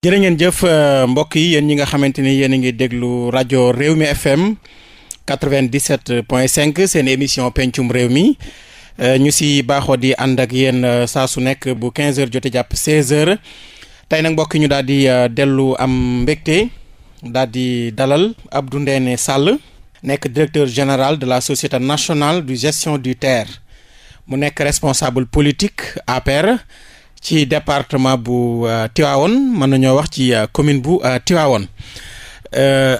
jërë ngeen jëf euh, mbokk yi yéen ñi nga xamante ni yéen a ngi déglu rajo réew mi FM 97 point 5 seen émission pencum réew mi euh, ñu si baaxoo di ànd ak yéen euh, saa su nekk bu 15 heures jotee jàpp 16 heures tey nag mbokk ñu daal di dellu am mbégte daal di dalal Abdou Ndéné Sall nekk directeur général de la société nationale du gestion du TER mu nekk responsable politique APR. ci département bu euh, Tivaouane mën nañoo wax ci euh, commune bu euh, Tivaouane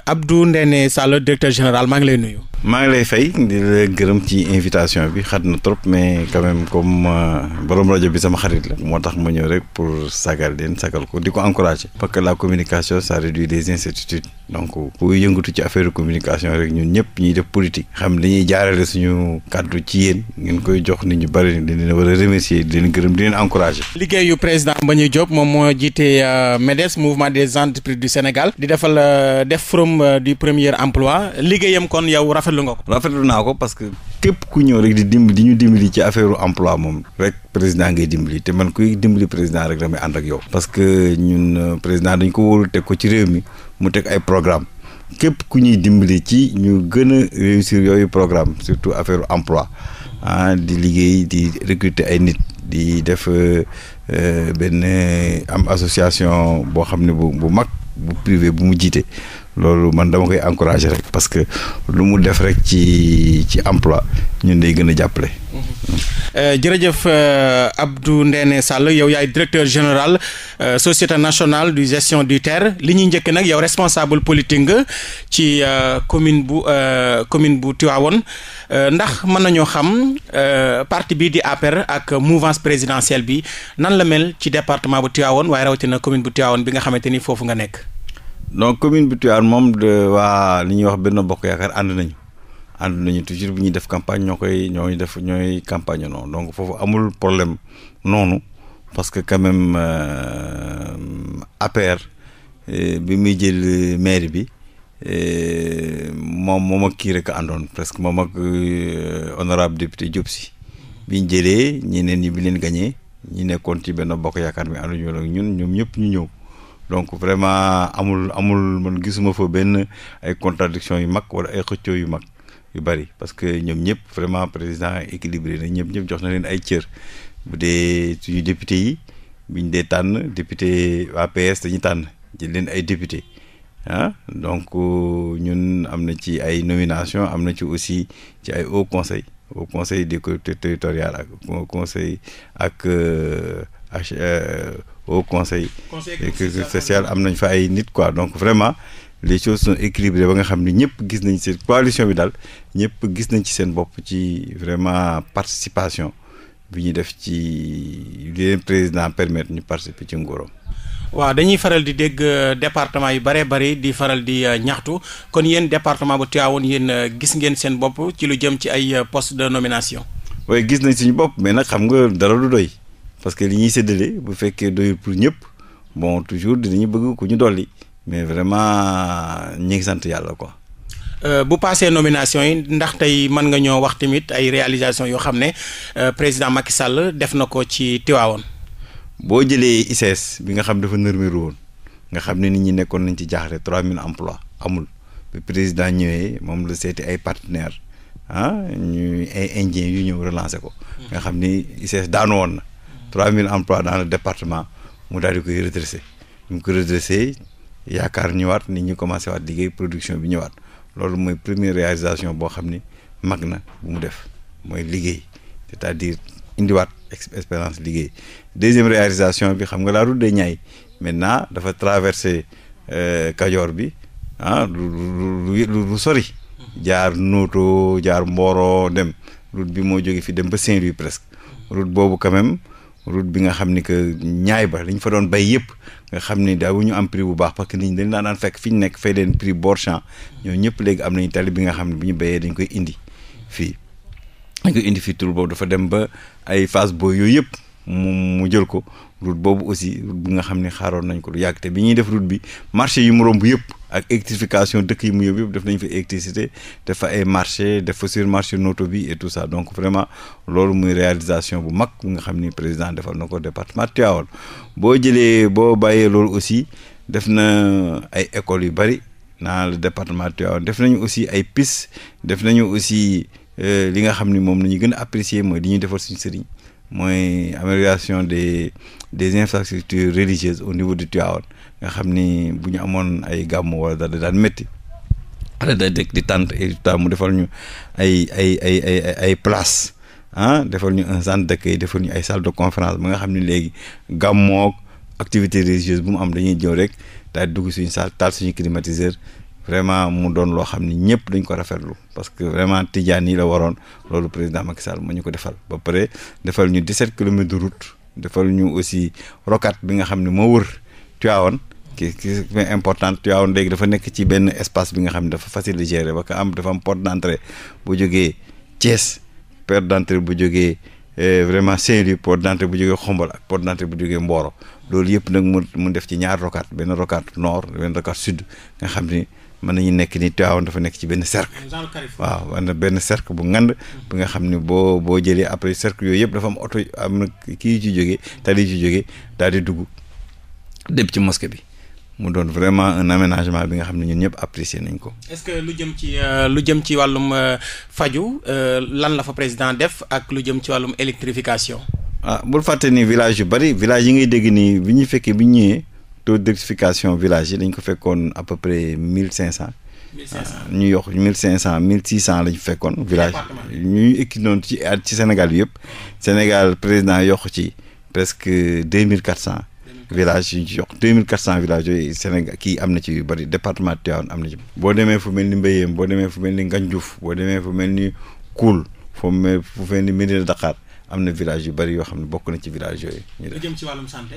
Abdou Ndéné Sall directeur général maa ngi lay nuyu. maa ngi lay fay di la gërëm ci invitation bi xat na trop mais quand même comme euh, borom rajo bi sama xarit la moo tax ma ñëw rek pour sagal leen sagal ko di ko encourager parce que la communication ça réduit les incertitudes donc ku yëngatu ci affaire communication rek ñun ñëpp ñuy def politique xam dañuy jaarale suñu kàddu ci yéen ngeen koy jox nit ñu bëri ni leen war a remercier di leen gërëm di leen encourager. liggéeyu président Mbagnick Diop moom moo jiite euh, MEDES mouvement des entreprises du Sénégal di defal euh, def forum du premier emploi liggéeyam rafetlu nga ko. rafetlu naa ko parce que képp ku ñëw rek di dimbali di ñu dimbali ci affaire emploi moom rek président ngay dimbali te man kuy dimbali président rek damay ànd yow. parce que ñun euh, président dañ ko wóolu teg ko ci réew mi mu teg ay programme képp ku ñuy dimbali ci ñu gën a réussir yooyu programme surtout affaire emploi ah, di liggéey di recruter ay nit di def euh, euh, benn am association boo xam ne bu bu mag bu privé bu mu jiite loolu man dama koy encourager rek parce que lu mu def rek ci ci emploi ñun day gën a jàppale. Euh, jërëjëf euh, Abdou Ndéné Sall yow yaay directeur général euh, société nationale du gestion du terre li ñuy njëkk nag yow responsable politique nga ci commune bu commune bu Tivaouane ndax mën nañoo xam parti bii di APR ak mouvance présidentielle bi nan la mel ci département bu Tivaouane waaye rawatina commune bu Tivaouane bi nga xamante ni foofu nga nekk. donc commune bu Tivaouane moom de waa li ñuy wax benn bokk yaakaar ànd nañu ànd nañu toujours bu ñuy def campagne ñoo koy ñooy def ñooy campagne noonu donc foofu amul problème noonu parce que quand même euh, APR euh, bi muy jël maire bi euh, moom moom ak kii rek àndoon presque moom ak honorable député Diop si biñ jëlee ñeneen ñi bi leen gañee ñi nekkoon ti benn bokk yaakaar bi ànduñu ak ñun ñoom ñëpp ñu ñëw. donc vraiment amul amul man gisuma fa benn ay contradiction yu mag wala ay xëccoo yu mag yu bëri parce que ñoom ñëpp vraiment président équilibré na ñëpp ñëpp jox na leen ay cër bu dee suñu député yi biñ dee tànn député waa PS dañuy tànn jël leen ay député ah donc euh, ñun am na ci ay nomination am na ci aussi ci ay haut conseil au conseil des collectivités territoriales ak conseil ak euh, H euh, au conseil. conseil social am nañ fa ay nit quoi donc vraiment les choses sont équilibrées ba nga xam ne ñëpp gis nañ seen coalition bi daal ñëpp gis nañ ci seen bopp ci vraiment participation bi ñuy def ci li président permettre ñu participer ci nguuram. waaw dañuy faral di dégg euh, département yu bëree bëri di faral di euh, ñaxtu kon yéen département bu Tivaouane yéen gis ngeen seen bopp ci lu jëm ci ay poste de nomination. waaye gis nañ suñu bopp mais nag xam nga dara du doy. parce que li ñuy séddale bu fekkee doyul pour ñëpp bon toujours dinañu bëgg ku ñu dolli mais vraiment ñi ngi sant yàlla quoi. Euh, bu paasee nomination yi ndax tey mën nga ñoo wax tamit ay réalisation yoo xam ne euh, président Macky Sall def na ko ci Tiwaawoon. boo jëlee ICS bi nga xam dafa nërmiru woon nga xam ne nit ñi nekkoon nañ ci jaaxle 3000 emplois amul bi président ñëwee moom la seeti ay partenaires ah ñuy ay indiens yu ñëw relancer ko. nga xam ni ICS daanu na. mille emplois dans le département mu daal di koy redressé ñu ko redressé yaakaar ñëwaat nit ñi commencé waat liggéey production bi ñëwaat loolu mooy première réalisation boo xam ni mag na bu mu def mooy liggéey c'est-à-dire indiwaat expérience liggéey deuxième réalisation bi xam nga la route ñaay Niayes maintenant dafa traversé euh, Kajoor bi ah lu lu lu sori jaar Noto jaar Mboro dem route bi moo jógee fi dem ba Saint-Louis presque route boobu quand route bi nga xam ni que ñaay ba li ñu fa doon bay yëpp nga xam ni daawu ñu am prix bu baax parce que nit ñi dañ daan daan fekk fi ñu nekk fay leen prix bord ñoo ñëpp léegi am nañu tali bi nga xam ne bu ñu béyee dañ koy indi fii dañ koy indi fii tur boobu dafa dem ba ay phase booy yooyu yëpp mu jël ko route boobu aussi route bi nga xam ni xaaroon nañ ko du yàgg te bi ñuy def route bi marché yu mu romb yëpp ak électrification dëkk yi mu yëpp def nañ fa électricité def ay marché def fa marché noto bi et tout ça donc vraiment loolu muy réalisation bu mag nga xam ni président defal na ko département Tivaouane boo jëlee boo bàyyee loolu aussi def na ay écoles yu bari naa département Tivaouane def nañu aussi ay piste def nañu aussi euh, li nga xam ni moom la ñu gën a apprécier mooy li ñuy defal suñ sëriñ mooy amélioration des des infrastructures religieuses au niveau de Tivaouane nga xam ni bu ñu amoon ay gàmmu wala daal di daan métti ala day dëkk di tànt et mu defal ñu ay ay ay ay ay place ah defal ñu un centre d'accueil defal ñu ay salle de conférence ba nga xam ni léegi gàmmoog activité religieuse bu mu am dañuy jëw rek daal dugg suñu salle taal suñu climatiseur vraiment mu doon loo xam ni ñëpp dañ ko rafetlu parce que vraiment Tijaan yi la waroon loolu président Macky Sall moo ñu ko defal ba pare defal ñu 17 kilomètres de route defal ñu aussi rocade bi nga xam ne moo wër Tivaouane ki ki important Tivaouane léegi dafa nekk ci benn espace bi nga xam ne dafa facile de gérer ba ka am dafa am porte d'entrée bu jógee Thiès porte d'entrée bu jógee eh, vraiment Saint-Louis porte d'entrée bu jógee Xombol ak porte d'entrée bu jógee Mboro loolu yëpp nag mu mu def ci ñaar rocade benn rocade nord benn nga xam ni. mën nañu nekk ni Tivaouane dafa nekk ci benn cercle waaw wana benn cercle bu ngand bi nga xam ne boo boo jëlee après cercle yooyu yëpp dafa am oto am na kii ci jógee tali ci jógee daal di dugg dem ci mosquée bi mu doon vraiment un aménagement bi nga xam ne ñun ñëpp apprécier nañ ko. est-ce que lu jëm ci euh, lu jëm ci wàllum euh, faju euh, lan la fa président def ak lu jëm ci wàllum électrification. ah bul fàtte ni village yu bari village yi ngay dégg nii bi ñu fekkee bi ñu ñëwee taux d'électrification village yi dañ ko fekkoon à peu près mille cinq cent. ñu yox mille cinq cent mille six cent lañ fekkoon village ñuy équinoon ci at ci Sénégal yëpp Sénégal président yokk ci presque deux mille quatre cent villages yu ñu ci yokk deux mille quatre cent village yooyu Sénégal ki am na ci yu bëri département Tivaouane am na ci boo demee fu mel ni Mbéyéem boo demee fu mel ni Ngandiouf boo demee fu mel ni Koul fu mel fu ni Médina Dakar am na village yu bari yoo xam ne bokk na ci village yooyu. ñu def jëm ci wàllum santé.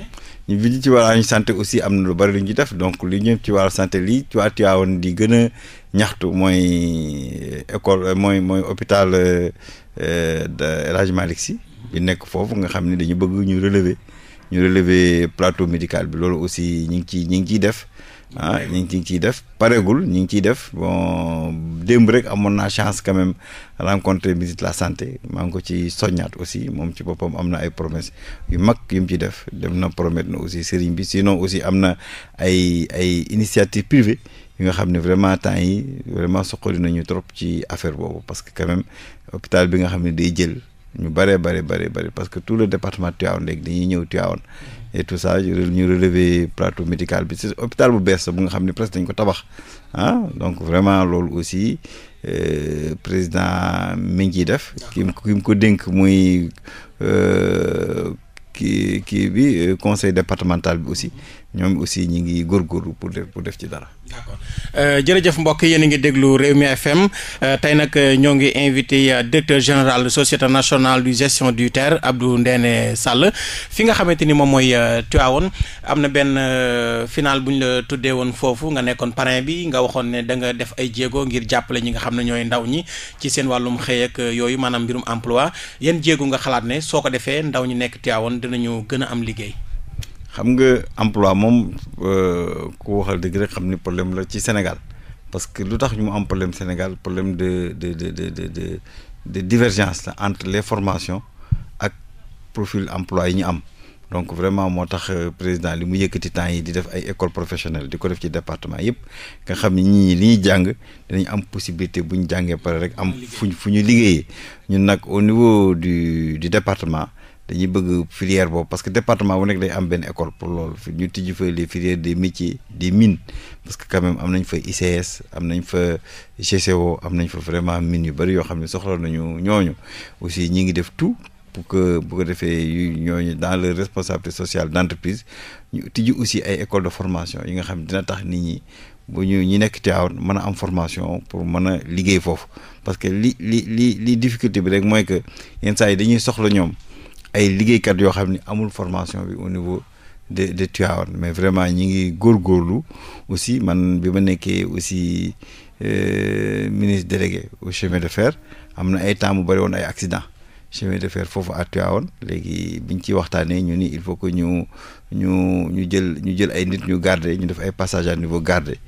ñu bi ci wàllum santé aussi am na lu bëri lu ñu def donc lu jëm ci wàllu santé lii waa Tivaouane di gën a ñaxtu mooy euh, école euh, mooy mooy hôpital euh, El Hadj Malick Sy bi nekk foofu nga xam ni dañu bëgg ñu relever ñu relever plateau médical bi loolu aussi ñu ngi ciy ñu ngi ciy def. ah ñu ngi ciy def pareegul ñu ngi ciy def bon démb rek amoon naa chance quand même rencontrer ministre la santé maa ngi ko ci soññaat aussi moom ci boppam am na ay promesse yu mag yu mu ci def dem na promettre na aussi sëriñ bi sinon aussi am na ay ay initiative privée yi nga xam ne vraiment temps yi vraiment soqali nañu trop ci affaire boobu parce que quand même hôpital bi nga xam ne day jël ñu bare bare bare bare parce que tout le département Tivaouane léegi dañuy ñëw Tivaouane e tout ça ñu relever plateau médical bi si hôpital bu bees bu nga xam ne presque dañ ko tabax ah donc vraiment loolu aussi euh, président mi ngi ciy def. ki mu ko dénk muy euh, kii kii bi euh, conseil départemental bi aussi. ñoom aussi ñi ngi góorgóorlu pour def pour def ci dara. d'accord euh, jërëjëf mbokk yéen a ngi déglu Rewmi FM euh, tey nag euh, ñoo ngi invité directeur général société nationale du gestion du terre Abdou ndeene Sall fi nga xamante ni moom mooy Tivaouane am na benn final bu ñu la tuddee woon foofu nga nekkoon parrain bi nga waxoon ne da nga def ay jéego ngir jàppale ñi nga xam ne ñooy ndaw ñi ci seen wàllum xëy yooyu maanaam mbirum emploi yan jéego nga xalaat ne soo ko defee ndaw ñi nekk Tivaouane dinañu gën a am liggéey. xam nga emploi moom euh, ku waxal dëgg rek xam ni problème la ci Sénégal parce que lu tax ñu mu am problème Sénégal problème de de de de divergence entre les formation ak profil emploi yi ñu am donc vraiment moo tax euh, président li mu yëkkati temps yi di def ay école professionnelle di ko def ci département yëpp nga xam ni ñi li ñuy jàng dañu am possibilité bu ñu jàngee pare rek am fu fuñ fu ñu liggéeyee ñun nag au niveau du du département dañuy bëgg filière boobu parce que département bu nekk day am benn école pour loolu ñu tijji fa les filières des métiers des mine parce que quand am nañ fa ICS am nañ fa GCO am nañ fa vraiment mine yu bëri yoo xam ne soxla nañu ñooñu aussi ñi ngi def tout pour bu ko defee yu ñooñu dans le responsabilité social d' entreprise ñu tijji aussi ay école de formation yi nga xam dina tax nit ñi bu ñu ñi nekk aw mën a am formation pour mën a liggéey foofu parce que li li li li difficulté bi rek mooy que yenn saa dañuy soxla ñoom ay liggéeykat yoo xam ne amul formation bi au niveau de de Tivaouane mais vraiment ñi ngi góorgóorlu aussi man bi ma nekkee aussi euh, ministre délégué au chemin de fer am na ay temps mu bëri woon ay accident chemin de fer foofu à Tivaouane léegi biñ ci waxtaanee ñu ni il faut que ñu ñu ñu jël ñu jël ay nit ñu garder ñu def ay passage à niveau garder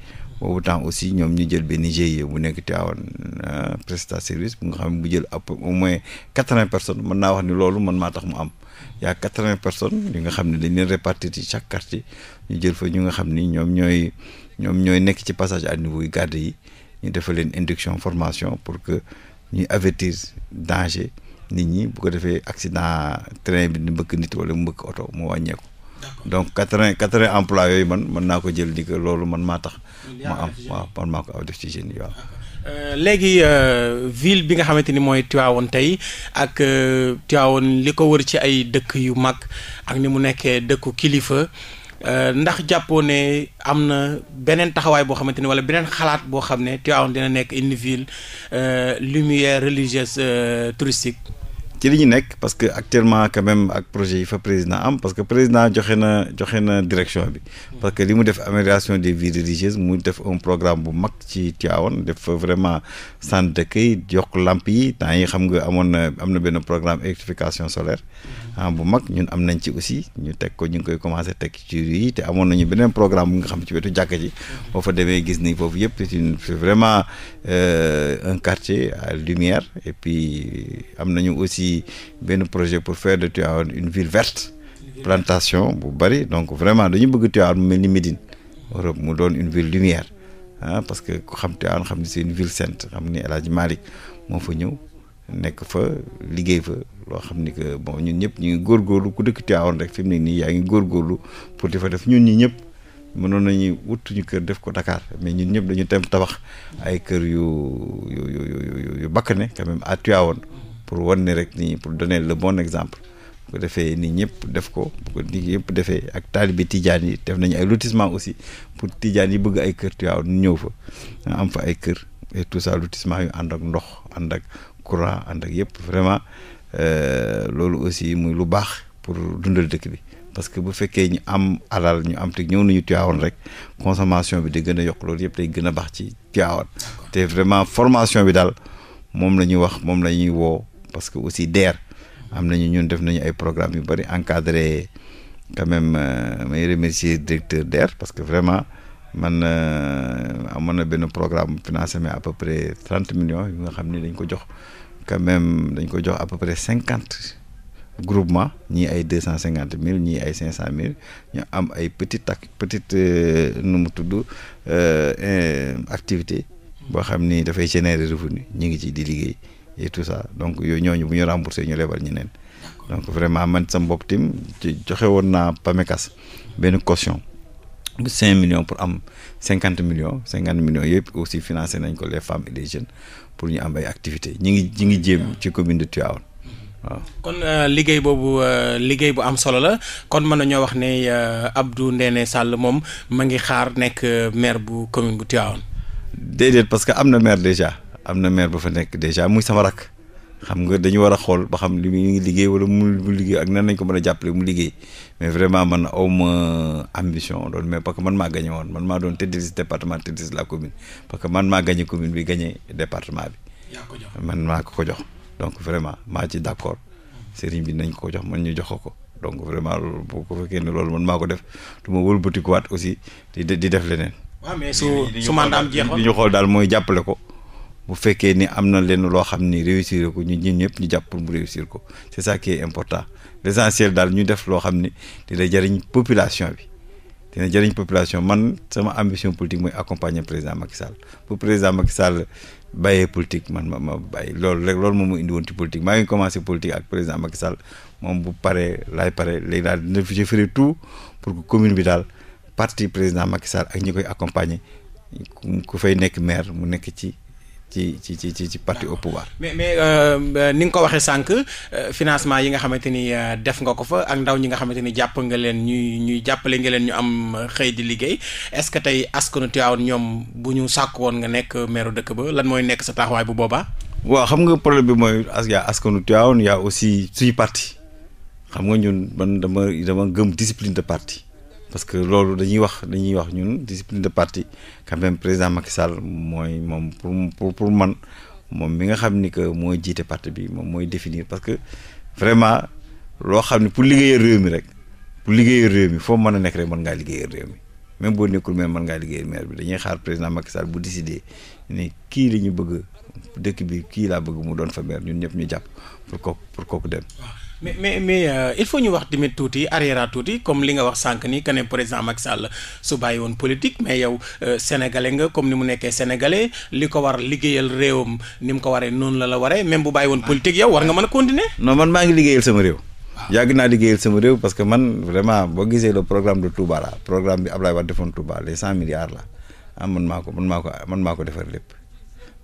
boobu temps aussi ñoom ñu jël benn GIE bu nekk Tivaouane euh, prestat service bu nga xam ne bu jël au moins quatre-vingts personnes mën naa wax ni loolu man maa tax mu am y a quatre-vingts personnes nga xam ne dañ leen répartir ci chaque ñu jël fa ñu nga xam ni ñoom ñooy ñoom ñooy nekk ci passage à niveau yu garde yi ñu defal leen induction formation pour que ñuy avertir danger nit ñi bu ko defee accident train bi di mbëkk nit wala mu mbëkk oto mu wàññeeku. donc quatre vingt quatre vingt emploi yooyu man mën naa ko jël ni loolu man maa tax ma am waaw man maa ko aw def ci jeunes yi waaw euh, léegi euh, ville bi nga xamante ni mooy Tivaouane tey ak euh, Tivaouane li ko wër ci ay dëkk yu mag ak ni mu nekkee dëkku kilifa ndax jàppoo ne am na beneen taxawaay boo xamante ni wala beneen xalaat boo xam ne Tivaouane dina nekk une ville lumière religieuse touristique ci li ñu nekk parce que actuellement quand même ak projet yi fa président am parce que président joxe na joxe na direction bi. parce que li mu def amélioration des vies religieuses mu def un programme bu mag ci Tivaouane def fa vraiment centre d'accueil yokk làmp yi temps yi xam nga amoon na am na benn programme électrification solaire. Mm-hmm. ah bu mag ñun am nañ ci aussi ñu teg ko ñu ngi koy commencé teg ci yi te amoon nañu beneen programme bu nga xam ci wetu jàkka ji. Mm-hmm. boo fa demee gis ni foofu yëpp c'est vraiment euh, un quartier à lumière et puis am nañu aussi. ci benn projet pour faire de Tivaouane une ville verte plantation bu bëri donc vraiment dañu bëgg Tivaouane mu mel ni Médine Europe mu doon une ville lumière ah parce que ku xam Tivaouane xam ni c'est une ville sainte xam ni El Hadj moo fa ñëw nekk fa liggéey fa loo xam ni que bon ñun ñëpp ñu ngi góor góorlu ku dëkk Tivaouane rek fi mu ne nii yaa ngi góorgóorlu pour di fa def ñun ñi ñëpp mënoon nañu wut ñu kër def ko Dakar mais ñun ñëpp dañu tem tabax ay kër yu yu yu yu yu bakkane pour wan ne rek nii pour donner le bon exemple bu ko defee nii ñëpp def ko bu ko nii ñëpp defee ak taalibe tiijaan yi def nañu ay lotissement aussi pour tiijaan yi bëgg ay kër Tiwaawan ñu ñëw fa am fa ay kër et tout ça yu ànd ak ndox ànd ak courant ànd ak yëpp vraiment euh, loolu aussi muy lu baax pour dundal dëkk bi parce que bu fekkee ñu am alal ñu am te ñëw nañu Tiwaawan rek consommation bi di gën a yokk yëpp day gën a baax ci Tiwaawan te vraiment formation bi daal moom la ñuy wax moom la ñuy woo parce que aussi DER am na ñu ñun def nañu ay programme yu bëri encadré quand même euh, may remercier directeur DER parce que vraiment man euh, amoon na benn programme financé mais à peu près trente million yu nga xam ni dañ ko jox quand même dañ ko jox à peu près cinquante groupement ñii ay deux cent cinquante mille ñii ay cinq cent mille ñu am ay petit ak petite euh, nu mu tudd activité boo xam ni dafay générer revenu ñu ngi ci di liggéey tout ça donc yooyu ñooñu bu ñu remboursé ñu lebal ñeneen donc vraiment man sa bopp tim ci joxe woon naa PAMECAS benn caution bu cinq millions pour am cinquante millions cinquante millions yëpp aussi financé nañ ko les femmes et les jeunes pour ñu am ay activité ñi ngi ñi ngi jéem ci commune du Tivaouane waaw kon euh, liggéey boobu euh, liggéey bu am solo la kon mën nañoo wax ne euh, Abdou Ndéné Sall moom ma ngi xaar nekk maire bu commune bu Tivaouane déedéet parce que am na maire déjà am na maire ba fa nekk dèjà muy sama rakk xam nga dañu war a xool ba xam li mu ngi liggéey wala mu liggéey ak nan lañ ko mën a jàppale mu liggéey mais vraiment man aw ma mais parce que man maa gagné woon man maa doon tête de liste département tête ko ko jox. donc vraiment maa ci d' accord sëriñ bi nañ ko jox man ñu jox ko donc vraiment loolu bu ko fekkee ne loolu man maa ko def du ma wëlbatikuwaat aussi di def leneen. waaw mais su su mandaam xool daal mooy jàppale ko. bu fekkee ni am na lenn loo xam ni réussir ko ñu ñun ñëpp ñu jàpp pour mu réussir ko c'est ça qui est important l'essentiel daal ñu def loo xam ni dina jariñ population bi dina jëriñ population man sama ambition politique mooy accompagner président Macky Sall pour président Macky Sall bàyyee man ma ma bàyyi loolu rek loolu moom mu indi woon ci politique maa ngi commencé politique ak président Macky Sall moom bu paree laay pare léegi daal dina fi jëfandikoo tout pour que commune bi daal parti président Macky ak ñi koy accompagner ku fay nekk maire mu nekk ci. ci ci ci ci parti au pouvoir. mais mais euh, ni nga ko waxee sànq euh, financement yi nga xamante ni euh, def nga ko fa ak ndaw ñi nga xamante ni jàpp nga leen ñuy ñuy jàppale nga leen ñu am xëy di liggéey est-ce que tey askanu Tivaouane ñoom bu ñu sàkk woon nga nekk maire dëkk ba lan mooy nekk sa taxawaay bu boobaa. waaw xam nga problème bi mooy as yaa askanu Tivaouane yaa aussi suñu parti xam nga ñun man dama dama gëm discipline de parti. parce que loolu dañuy wax dañuy wax ñun discipline de parti quand même président Macky Sall mooy moom pour pour pour man moom mi nga xam ni que mooy jiite parti bi moom mooy définir parce que vraiment loo xam ni pour liggéeyal réew mi rek pour liggéeyal réew mi foo mën a nekk rek mën ngaa liggéeyal réew mi même boo nekkul maire mën ngaa liggéey maire bi dañuy xaar président Macky Sall bu décidé ne kii la ñu bëgg dëkk bi kii laa bëgg mu doon fa ñun ñëpp ñu jàpp pour kooku pour kooku dem. mais mais mais euh, il faut ñu wax tamit tuuti arrière tuuti comme li nga wax sànq ni que ne président Macky Sall su bàyyi woon politique mais yow euh, sénégalais nga comme ni mu nekkee sénégalais li ko war liggéeyal réewam ni mu ko waree noonu la la waree même bu bàyyi woon politique yow war nga man a continuer. non man maa ngi liggéeyal sama réew. waaw yàgg naa liggéeyal sama réew parce que man vraiment boo gisee le programme de Touba la programme bi Ablaye Wade defoon Touba les la ah maa ko man maa ko man maa ko defar lépp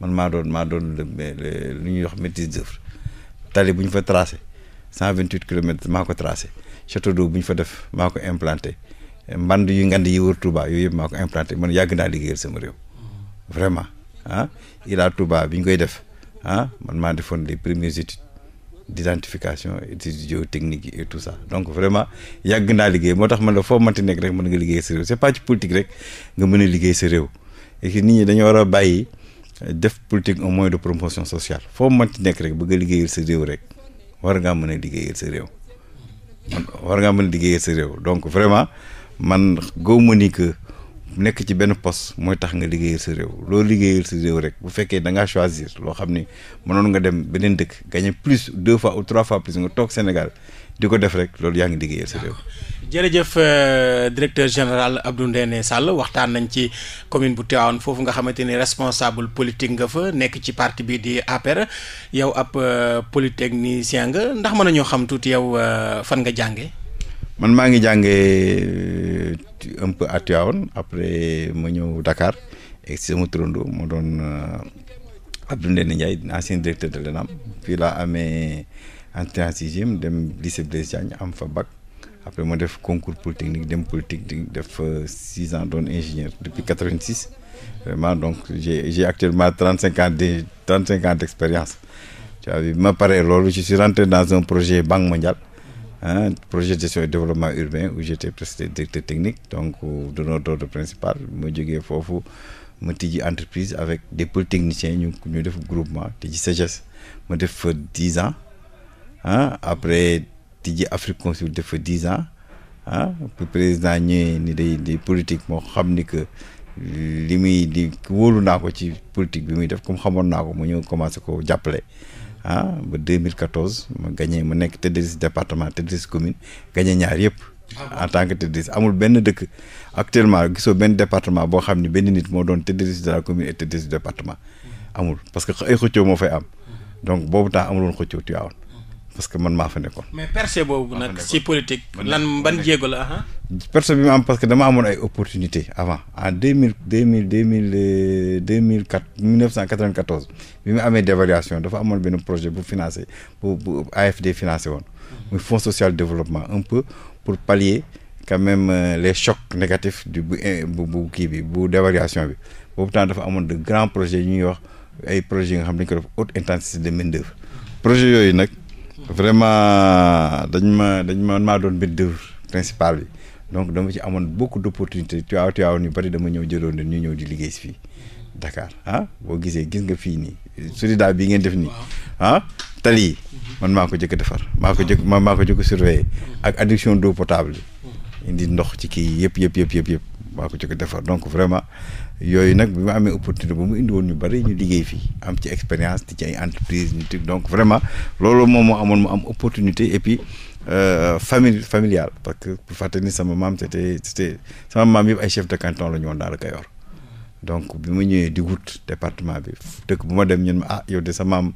man maa doon maa doon lu ñuy wax maîtrise d'œuvre tali bu ñu fa tracé. cent vingt huit kilomètres maa ko tracé château d'eau bu ñu fa def maa ko implanté mband yu ngand yi wër Touba yooyu yëpp maa ko implanté man yàgg naa liggéey sama réew vraiment ah Ila Touba bi ñu koy def ah man maa defoon les premières études d'identification études géotechniques yi tout ça donc vraiment yàgg naa liggéey moo tax man la foo mënti nekk rek mën nga liggéey sa réew c'est pas ci politique rek nga mën a liggéey sa réew et que nit ñi dañoo war a bàyyi def politique un moyen de promotion sociale foo mënti nekk rek bëgg a sa réew rek war ngaa mën a liggéeyal sa réew man war ngaa mën a liggéeyal sa réew donc vraiment man gëw ma ni que nekk ci benn poste mooy tax nga liggéeyal sa réew loo liggéeyal sa réew rek bu fekkee da ngaa choisir loo xam ni mënoon nga dem beneen dëkk gagné plus deux fois ou trois fois plus nga toog Sénégal di ko def rek loolu yaa ngi liggéeyal sa réew. jërëjëf euh, directeur général Abdou Ndéné Sall waxtaan nañ ci commune bu Tivaouane foofu nga xamante ni responsable politique nga fa nekk ci parti bii di APR yow ab euh, polytechnicien nga ndax mën ñoo xam tuuti yow euh, fan nga jàngee. man maa ngi jàngee euh, un peu à Tivaouane après ma ñëw Dakar et si sama turando ma doon euh, Abdou Ndéné Ndiaye ancien directeur de l'ENAM fii la amee entrée en sixième dem lycée Blaise Diagne am fa bac après ma def concours polytechnique dem polytechnique def six ans doon ingénieur depuis 86 vraiment donc j'ai j'ai actuellement trente cinq ans de trente cinq ans d'expérience ma paree loolu je suis rentré dans un projet Banque mondiale ah projet de gestion et développement urbain où j'étais presque directeur technique donc euh, de ordre principal ma jógee foofu ma tijji entreprise avec des polytechniciens ñu ñu def groupement tijji sagesse ma def fa dix ans ah après tijji Afrique Consult def fa dix ans ah président ñëwee ni day day politique moo xam ni que li muy di wóolu naa ko ci politique bi muy def comme xamoon naa ko mu ñëw commencé ko jàppale. ah ba 2014 ma gagné ma nekk tête de liste département tête de liste commune gagné ñaar yëpp. Ah en tant que tête de liste amul benn dëkk. actuellement gisoo benn département boo xam ne benn nit moo doon tête de liste de la commune et tête de liste département. Mm-hmm. amul parce que ay xëccoo moo fay am. Mm-hmm. donc boobu temps amul woon xëccoo Tivaouane parce que man maa fa nekkoon. mais percée boobu nag ci politique. lan ban jéego la ah? percée bi ma que dama amoon ay opportunités avant en deux mille deux mille deux mille euh, deux mille quatre mille neuf cent quatre-vingt-quatorze bi mu amee dévaluation dafa amoon benn projet bu financé bu bu AFD financé woon. Mhm. muy fonds social développement un peu pour pallier quand même euh, les chocs négatifs du bu eh, bu bu kii bi bu dévariation bi boobu temps dafa amoon de grands projet yu ñuy wax ay projets yi nga xam ne dañu ko def haute intensité de main d'œuvre mhm. projet yooyu nag. vraiment dañ ma dañ ma maa doon mbir dër principal bi donc dama ci amoon beaucoup d' opportunité tuwaaw tuwaaw ñu bari dama ñëw jëloon leen ñu ñëw di liggéey si fii Dakar ah boo gisee gis nga fii nii solidarité bii ngeen def nii ah tali mhm. man maa ko jëkk defar maa ko jëkk maa ko jëkk surveiller mhm. ak adduction d'eau potable mhm. indi ndox ci kii yëpp yëpp yëpp yëpp yëpp maa ko jëkk defar donc vraiment yooyu nag bi ma amee opportunité bu mu indi woon ñu bari ñu liggéey fii am ci expérience ci ay entreprise ñu donc vraiment loolu moom moo amoon mu am opportunité et puis euh, famille familiale parce que pour fàttali ni sama maam c'était c'était sama maam yëpp ay chef de canton la ñu woon daal Kayor donc bi ma ñëwee di wut département bi dëkk bu ma dem ñun ah yow de sa maam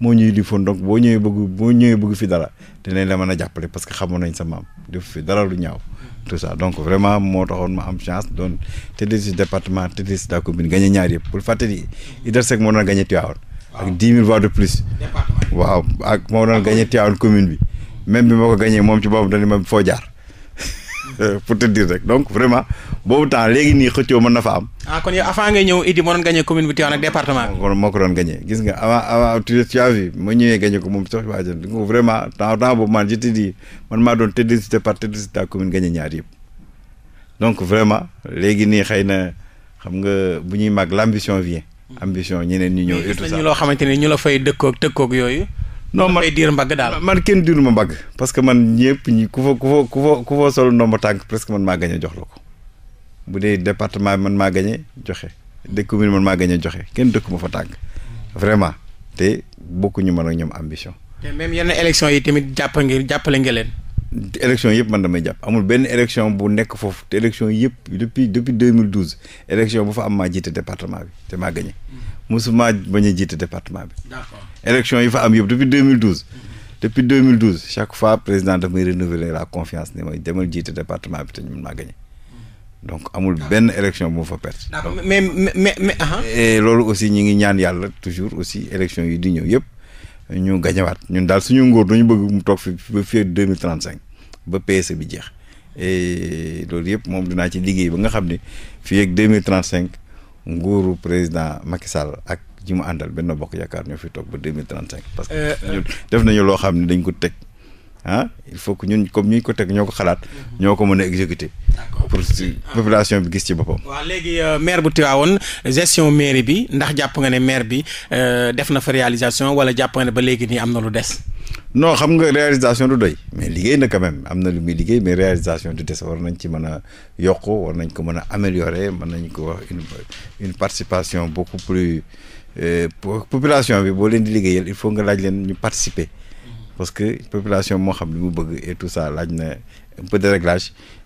moo ñuy li foon boo ñëwee bëgg boo ñëwee bëgg fi dara dinañ la mën a jàppale parce que xamoon nañ sa maam def fi dara lu ñaaw tout ça donc vraiment moo taxoon ma am chance doon tëddee si département tëddee si commune gagné ñaar yëpp pour fàttali Idrissa Seck moo doon gagné Tivaouane. ak dix mille voix de plus. waaw ak moo doon gagné Tivaouane commune bi. même bi ma ko gagné moom ci boobu dañu ma foo jaar pour te dire rek donc vraiment. boobu temps léegi nii xëccoo mën na fa am. ah kon yow avant ñëw Idy moo doon gagné commune bi Tivaouane ak département ko doon gagné gis nga avant avant tu tu as vu ma ñëwee gagné ko moom sax waa jël donc vraiment temps temps boobu man dis commune gagné ñaar yëpp. donc vraiment léegi nii xëy na xam nga bu ñuy màgg l' ambition vient. ambition ñeneen ñu ñëw. et tout ça ñu loo xamante ni ñu la fay dëkkoog tëkkoog yooyu. non man diir mbagg daal man kenn ma mbagg parce que man yëpp ñi ku fa ku fa ku fa ku fa solo ndomba tànk presque man maa gañ a jox la ko bu dee département bi man maa gagné joxe de commune man maa gagné joxe kenn dëkk ma fa tàgg vraiment te bokkuñu mën ak ñoom ambition. te même yenn yi tamit jàpp ngeen jàppale ngeen leen. élection yëpp man damay jàpp amul benn élection bu nekk foofu te élection yëpp depuis depuis 2012 élection bu fa am maa jiite département mm. a jiite département bi. d'accord élection yi fa am yëpp depuis 2012. depuis 2012 chaque fois président daf may renouveler la confiance ni ma demal jiite département bi te ñun maa donc amul benn élection moo fa perte. mais mais mais ah, ah. loolu aussi ñu ngi ñaan yàlla toujours aussi élection yi di ñëw yëpp ñu gañewaat ñun daal suñu nguur dañu bëgg mu toog fi ba fii deux mille trente cinq ba PSE bi jeex et loolu yëpp moom dinaa ci liggéey ba nga xam ni fii ak deux mille trente cinq nguuru président Macky Sall ak ji mu àndal benn bokk yaakaar ñoo fi toog ba deux mille trente cinq. parce que euh, euh. def nañu loo xam ne dañ ko teg. ah il faut que ñun comme ñu ko teg ñoo ko xalaat ñoo ko mën a exécuter pour si population bi gis ci boppam. waaw léegi euh, maire bu Tivaouane gestion maire bi ndax jàpp nga ne maire bi euh, def na fa réalisation wala jàpp nga ne ba léegi nii am na lu des. non xam nga réalisation du doy mais liggéey na quand am na lu muy liggéey mais réalisation du des war nañ ci mën a yokk war nañ ko mën a améliorer mën nañ ko wax une une participation beaucoup plus euh, population bi boo leen di il faut nga leen ñu participer. parce que population moo xam li mu bëgg et tout ça laaj na un peu de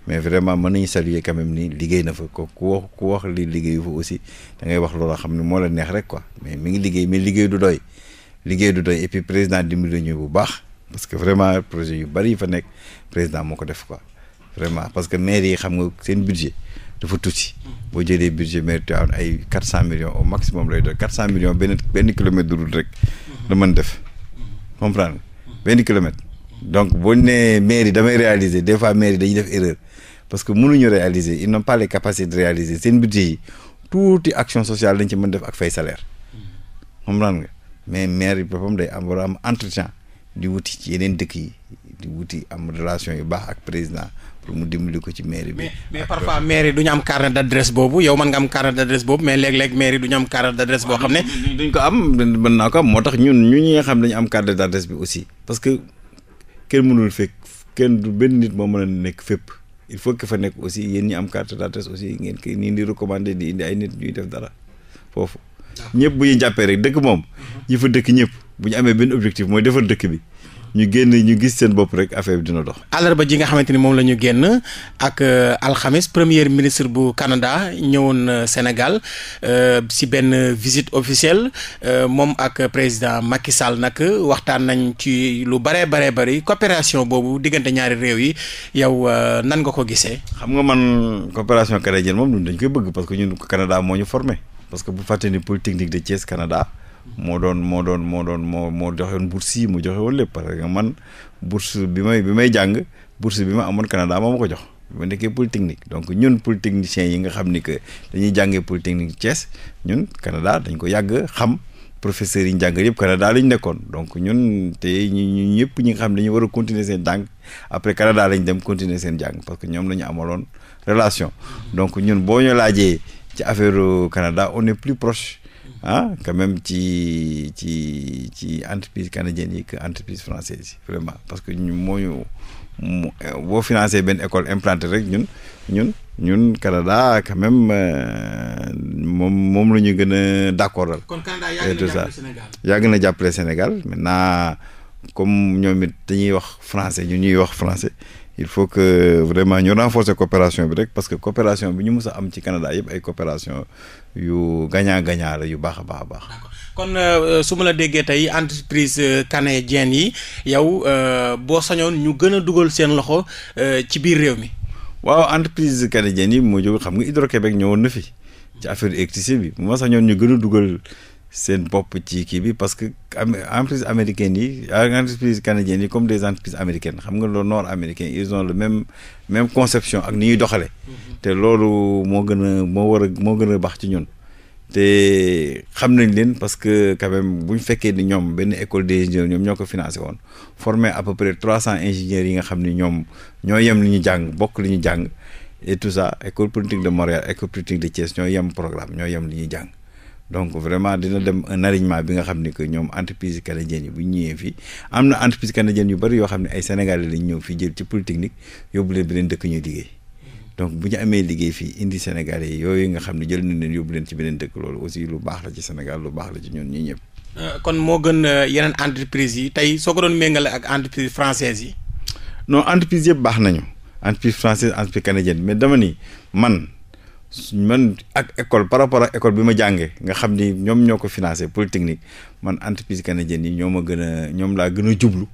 mais vraiment mën nañu saluer quand même ni liggéey na fa ko ku wax ku wax li liggéeyu fa aussi da ngay wax loola xam ne moo la neex rek quoi mais mi ngi liggéey mais liggéey du doy liggéey du doy et puis président dimbali ñu bu baax parce que vraiment projet yu bari yi fa nekk président moo ko def quoi vraiment parce que maire yi xam nga seen budget dafa tuuti boo jëlee budget maire Tivaouane ay quatre cent millions au maximum lay doon quatre cent millions benn benn kilomètre de rek la def comprendre vingt kilomètres donc boo nee mairie damay réaliser des fois mairie dañuy def erreur parce que mënuñu réaliser ils n'ont pas les capacités de réaliser seen budget yi tuuti action sociale lañ ci mën def ak fay salaire comprendre nga mais maire yi boppam day am war am entretien di wuti ci yeneen dëkk yi di wuti am relation yu baax ak président pour mu dimbali ko ci mairie bi. mais mais parfois mairie du ñu am carnet d' adresse boobu yow mën nga am carnet d' adresse boobu mais léeg-léeg mairie du ñu am carnet d' ah, ne. duñ ko am mën naa ko moo tax ñun ñu ñi xam dañu am carnet d' adresse bi aussi. parce que kenn mënul fekk kenn du benn nit moo mën a nekk fépp il faut que fa nekk aussi yéen ñi am carte d' aussi ngeen koy nii di recommandé di indi ay nit ñuy def dara foofu. Ah. ñëpp bu ñu jàppee rek dëkk moom. ñu fa dëkk ñëpp bu ñu amee benn objectif mooy defar dëkk bi. ñu génn ñu gis seen bopp rek affaire bi dina dox. àllarba ji nga xamante ni moom lañu ñu génn ak euh, alxames première ministre bu kanada ñëwoon euh, Sénégal euh, si benn visite officielle moom ak président Macky Sall nag waxtaan nañ ci lu baree baree bari coopération boobu diggante ñaari réew yi yow nan nga ko gisee. xam nga man coopération canadienne moom ñun dañ koy bëgg parce que ñun Canada moo ñu formé parce que bu fàtte pour Polytechnique de Thiès kanada moo doon moo doon moo doon moo moo joxewoon bourse yi mu joxe woon lépp parce que man bourse bi may bi may jàng bourse bi ma amoon Canada moo ma ko jox bi ma nekkee polytechnique donc ñun polytechniciens yi nga xam ni que dañuy jàngee polytechnique Thiès ñun Canada dañ ko yàgg xam professeurs yi ñu jàngal yëpp Canada lañ nekkoon donc ñun te ñu ñëpp ñi nga xam dañu war a continuer seen jàng après Canada lañ dem continuer seen jàng parce que ñoom la ñu amaloon relation donc ñun boo ñu laajee ci affaire Canada on est plus proche ah quand même ci ci ci entreprise canadienne yi que entreprise française yi vraiment parce que ñu moo boo financé benn école implantée rek ñun ñun ñun Canada quand même euh, moom moom la ñu gën a d' accord dal tout ça yàgg na jàppale Sénégal maintenant comme ñoom it dañuy wax français ñun ñuy wax français il faut que vraiment ñu renforcer coopération bi rek parce que coopération bi ñu mës a am ci Canada yëpp ay coopération yu gañaar gagnant yu baax a baax a baax. kon euh, su ma la déggee tey entreprise euh, canadienne yi yow euh, boo sañoon ñu gën a dugal seen loxo ci biir réew mi. waaw entreprise canadienne yi moo jóg xam nga Hydro-Québec ñëwoon na fi. ci affaire électricité bi bu ma sañoon ñu gën a dugal. seen bopp ci kii bi parce que am entreprise américaine yi entreprise canadienne yi comme des entreprises américaines xam nga loolu nord américain ils ont le même même conception ak ni ñuy doxale te loolu moo gën a moo war a moo gën a baax ci ñun te xam nañ leen parce que quand même bu ñu fekkee ni ñoom benn école des ingénieurs ñoom ñoo ko financé woon formé à peu près trois cent ingénieurs yi nga xam ni ñoom ñoo yem lu ñu jàng bokk lu ñu jàng et tout ça école politique de Montréal école yem programme ñoo yem li ñuy jàng donc vraiment dina dem un alignement bi nga xam ne que ñoom entreprise canadienne yi bu ñu ñëwee fii am na entreprise canadienne yu bari yoo xam ne ay sénégalais lañ ñëw fii jël ci polytechnique yóbbu leen beneen dëkk ñuy liggéey donc bu ñu amee liggéey fii indi sénégal yi yooyu nga xam ne jël nañ leen yóbbu leen ci beneen dëkk loolu aussi lu baax la ci Sénégal lu baax la ci ñun ñii ñëpp. Euh, kon moo gën euh, yeneen entreprise yi tey soo ko doon méngale ak entreprise française yi. non entreprise yëpp baax nañu entreprise française entreprise canadienne mais dama ni man. man ak école par rapport ak école bi ma jàngee nga xam ni ñoom ñoo ko financé polytechnique man entreprise canadienne yi ñoo ma gën a ñoom laa gën a jublu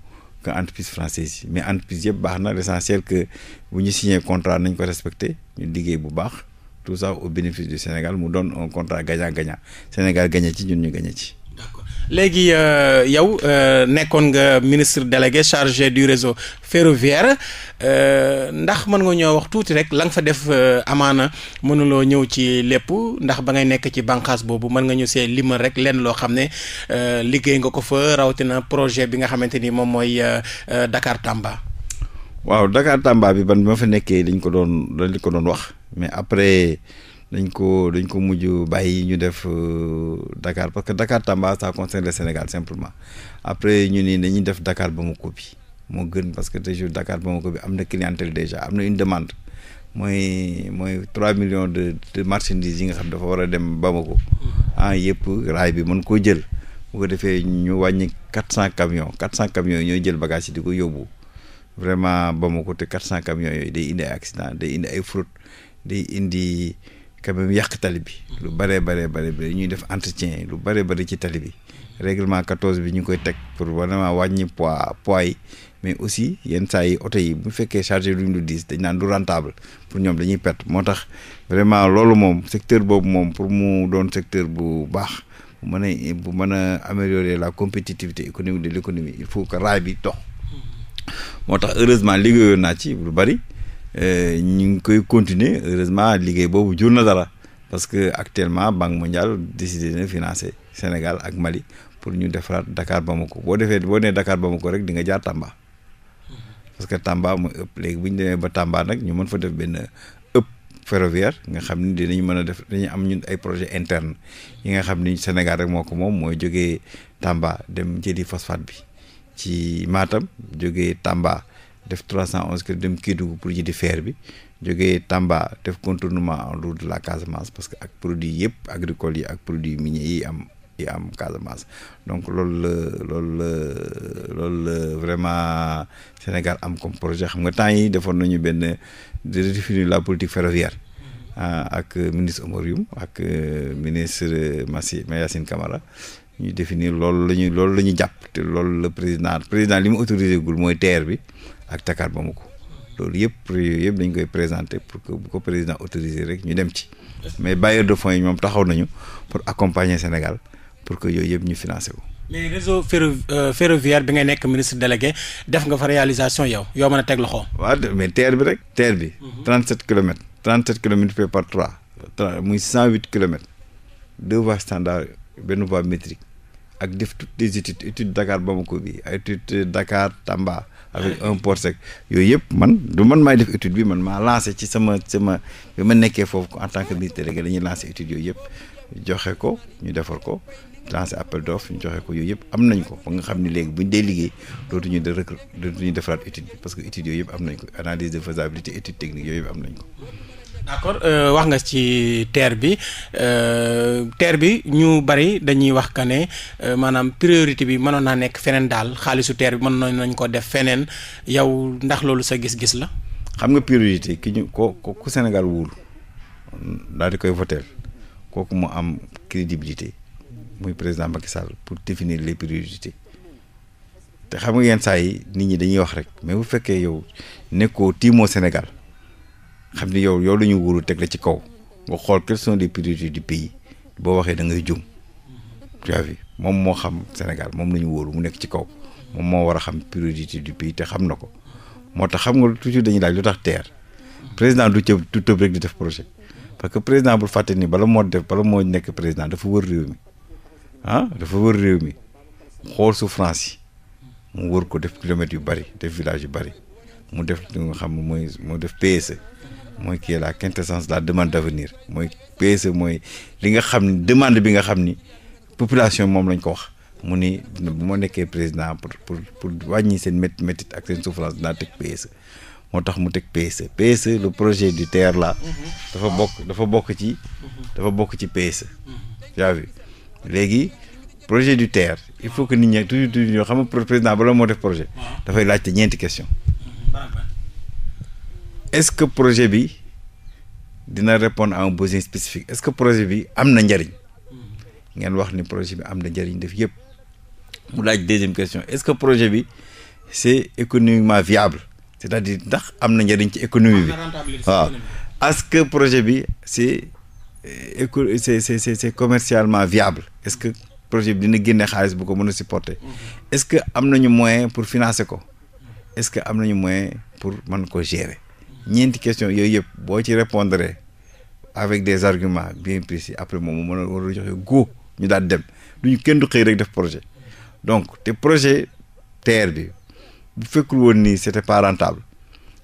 que entreprise française yi mais entreprise yëpp baax na l'essentiel que bu ñu signé contrat nañ ko respecté ñu liggéey bu baax tout ça au bénéfice du Sénégal mu doon un contrat gagnant gaña Sénégal gagné ci ñun ñu gagné ci. léegi euh, yow euh, nekkoon nga ministre délégué chargé du réseau ferroviaire euh, ndax mën nga ñoo wax tuuti rek la nga fa def amaana mënuloo ñëw ci lépp ndax ba ngay nekk ci banqaas boobu mën nga ñëw see limal rek lenn loo xam ne liggéey nga ko fa rawatina projet bi nga xamante ni moom mooy Dakar Tamba. waaw Dakar Tamba bi ban bi ma fa nekkee dañ ko doon dañ ko doon wax mais après. dañ ko dañ ko mujj bàyyi ñu def euh, Dakar parce que Dakar Tamba sa concerne le Sénégal simplement après ñu nii dañuy def Dakar ko bi moo gën parce que toujours Dakar Bamako bi am na clientèle déjà am na une demande mooy mooy trois millions de de marchandises yi nga xam dafa war a dem ba ko mm-hmm. ah yëpp raay bi mën koo jël bu ko defee ñu wàññi quatre cent camions quatre cent camions yi ñooy jël bagage yi di ko yóbbu vraiment Bamako te quatre cent camions yooyu day indi ay accident day indi ay fraude day indi quand même yàq tali bi. lu bëree bëree bëri bi ñuy def entretien lu bëree bëri ci tali bi. règlement 14 bi ñu koy teg pour vraiment wàññi poids poids yi mais aussi yenn saa yi oto yi bu fekkee chargé duñ lu diis dañ naan du rentable pour ñoom dañuy perte moo tax vraiment loolu moom secteur boobu moom pour mu doon secteur bu baax bu mën bu mën a améliorer la compétitivité économique de l' économie il faut que raay bi dox. moo tax heureusement liggéeyoon naa ci lu bëri. Euh, ñu ngi koy continuer heureusement liggéey boobu jur na dara parce que actuellement banque mondiale décidé na financer Sénégal ak Mali pour ñu defaraat dakaar Dakar ko boo defee boo nee Dakar ko rek di nga jaar Tamba. parce que Tamba mooy ëpp léegi bu ñu demee ba Tamba nag ñu mën fa def benn ëpp ferroviaire nga xam ni dinañ mën a def dañu am ñun ay projet interne yi nga xam ni Sénégal rek moo ko moom mooy jógee Tamba dem jëli phosphate bi ci Matam jógee Tamba def trois cent onze kilo dem Kédougou pour ji di fer bi jógee Tamba def contournement en route de la Casamance parce que ak produit yëpp agricole yi ak produit minier yi am yi am Casamance donc loolu la loolu la loolu vraiment Sénégal am comme projet xam nga temps yi defoon nañu benn de redéfinir la politique ferroviaire ah, ak ministre Oumar Youm ak euh, ministre Massi Mayacine Camara ñu définir loolu la ñu loolu la ñu jàpp te loolu président président li mu autorisé gul mooy TER bi ak Dakar ko loolu yëpp yëpp dañ koy présenté pour que bu ko président autorisé rek ñu dem ci mais bailleurs de fonds yi moom taxaw nañu pour accompagner Sénégal pour que yooyu yëpp ñu financé ko. mais réseau ferro euh, ferroviaire bi nga nekk ministre délégué def nga fa réalisation yow yoo mën a teg loxo. waaw mais terre bi rek. terre bi. 37 mhm. kilomètres. 37 kilomètres fait par 3. 3 muy 108 kilomètres. deux voies standard benn voie métrique ak def toutes les études étude Dakar Bamako bi ay étude Tamba. avec un port sec yooyu yëpp man du man maay def étude bi man maa lancé ci sama sama bi ma nekkee foofu en tant que ministre délégué dañuy lancé étude yooyu yëpp joxe ko ñu defar ko lancé appel d'offre ñu joxe ko yooyu yëpp am nañ ko ba nga xam ne léegi buñ dee liggéey dootuñu de rek dootuñu defaraat étude bi parce que étude yooyu yëpp am nañ ko analyse de faisabilité étude technique yooyu yëpp am nañ ko d' accord euh, wax nga ci TER bi euh, TER bi ñu bari dañuy wax que ne euh, maanaam priorité bi mënoon naa nekk feneen daal xaalisu TER bi mënoon nañ ko def feneen yow ndax loolu sa gis-gis la. xam nga priorité ki ñu ko ku Sénégal wóolu daal di koy voté kooku mu am crédibilité muy président Macky Sall pour définir les priorités te xam nga yenn saa yi nit ñi dañuy wax rek mais bu fekkee yow nekkoo tiimoo Sénégal. xam ni yow yow la ñu wóoru teg la ci kaw nga xool quelles sont les priorités du pays boo waxee da ngay jum tu as moom moo xam Sénégal moom la ñu wóoru mu nekk ci kaw moom moo war a xam priorité du pays te xam na ko moo tax xam nga toujours dañuy laaj lu tax TER président du cëb du tëb rek di def projet parce que président bu fàtte ni bala moo def bala moo nekk président dafa wër réew mi ah dafa wër réew mi xool souffrance yi mu wër ko def kilomètres yu bari def village yu bari mu def li nga mooy mu def PSE mooy qui est la quintessence la demande d'avenir mooy PSE mooy li nga xam ni demande bi nga xam ni population moom lañ ko wax mu ni moo nekkee président pour pour pour wàññi seen métti métti ak seen souffrance dinaa teg PSE moo tax mu teg PSE PSE le projet du TER la dafa bokk dafa bokk ci dafa bokk ci PSE yaa vu léegi projet du TER il faut que ni ñi toujours toujours ñoo xam nga président bala moo def projet dafay laajte ñeenti question est-ce que projet bi dina répondre à un besoin spécifique est-ce que projet bi am na njariñ ngeen wax ni projet bi am na njariñ def yëpp mu laaj deuxième question est-ce que projet bi c'est économiquement viable c'est-à-dire ndax am na njariñ ci économie bi waaw est-ce que projet bi c'est euh, éco c'est c'est c'est commercialement viable est-ce que projet bi dina génne xaalis bu ko mën a supporter mm-hmm. est-ce que am nañu moyen pour financer ko est-ce que am nañu moyen pour mën ko gérer ñeenti question yooyu yëpp boo ci répondre avec des arguments bien précis après moom mu mën a war a joxe góo ñu daal dem ñu kenn du xëy rek def projet donc te projet TER bi bu fekkul woon nii c'était pas rentable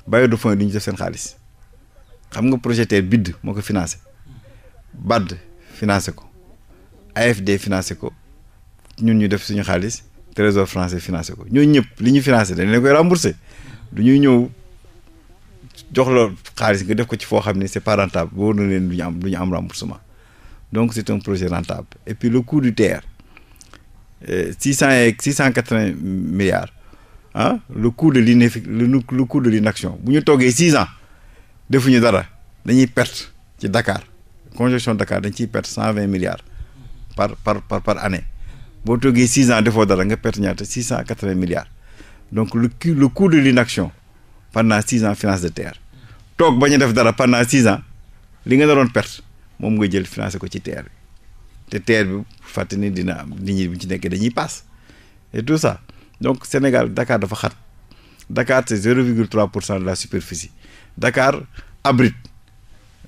bailleurs de fonds yi du ñu def seen xaalis xam nga projet TER bidd moo ko financé BAD financé ko AFD financé ko ñun ñu def suñu xaalis trésor français financé ko ñooñu ñëpp li ñu financé dañ leen koy remboursé du ñuy ñëw. jox la xaalis nga def ko ci foo xam ne c'est pas rentable wóor na leen du ñu am du ñu am remboursement donc c'est un projet rentable et puis le coût du TER euh, six cent et six cent quatre-vingts milliards ah le coût de l'ineffi le, le coût de l'inaction bu ñu toogee six ans defuñu dara dañuy perte ci Dakar congestion Dakar dañ ciy perte cent vingt milliards par par par par année boo toogee six ans defoo dara nga perte ñaata six cent quatre-vingts milliards donc le le coût de l'inaction pendant six ans finance de terre toog ba ñu def dara pendant six ans li nga naroon perte moom nga jël financé ko ci terre te terre bi fàtte ni dina am nit ñi bu ci nekkee dañuy paas et tout ça donc Sénégal Dakar dafa xat Dakar c'est zéro virgule trois pour cent de la superficie dakaar abrite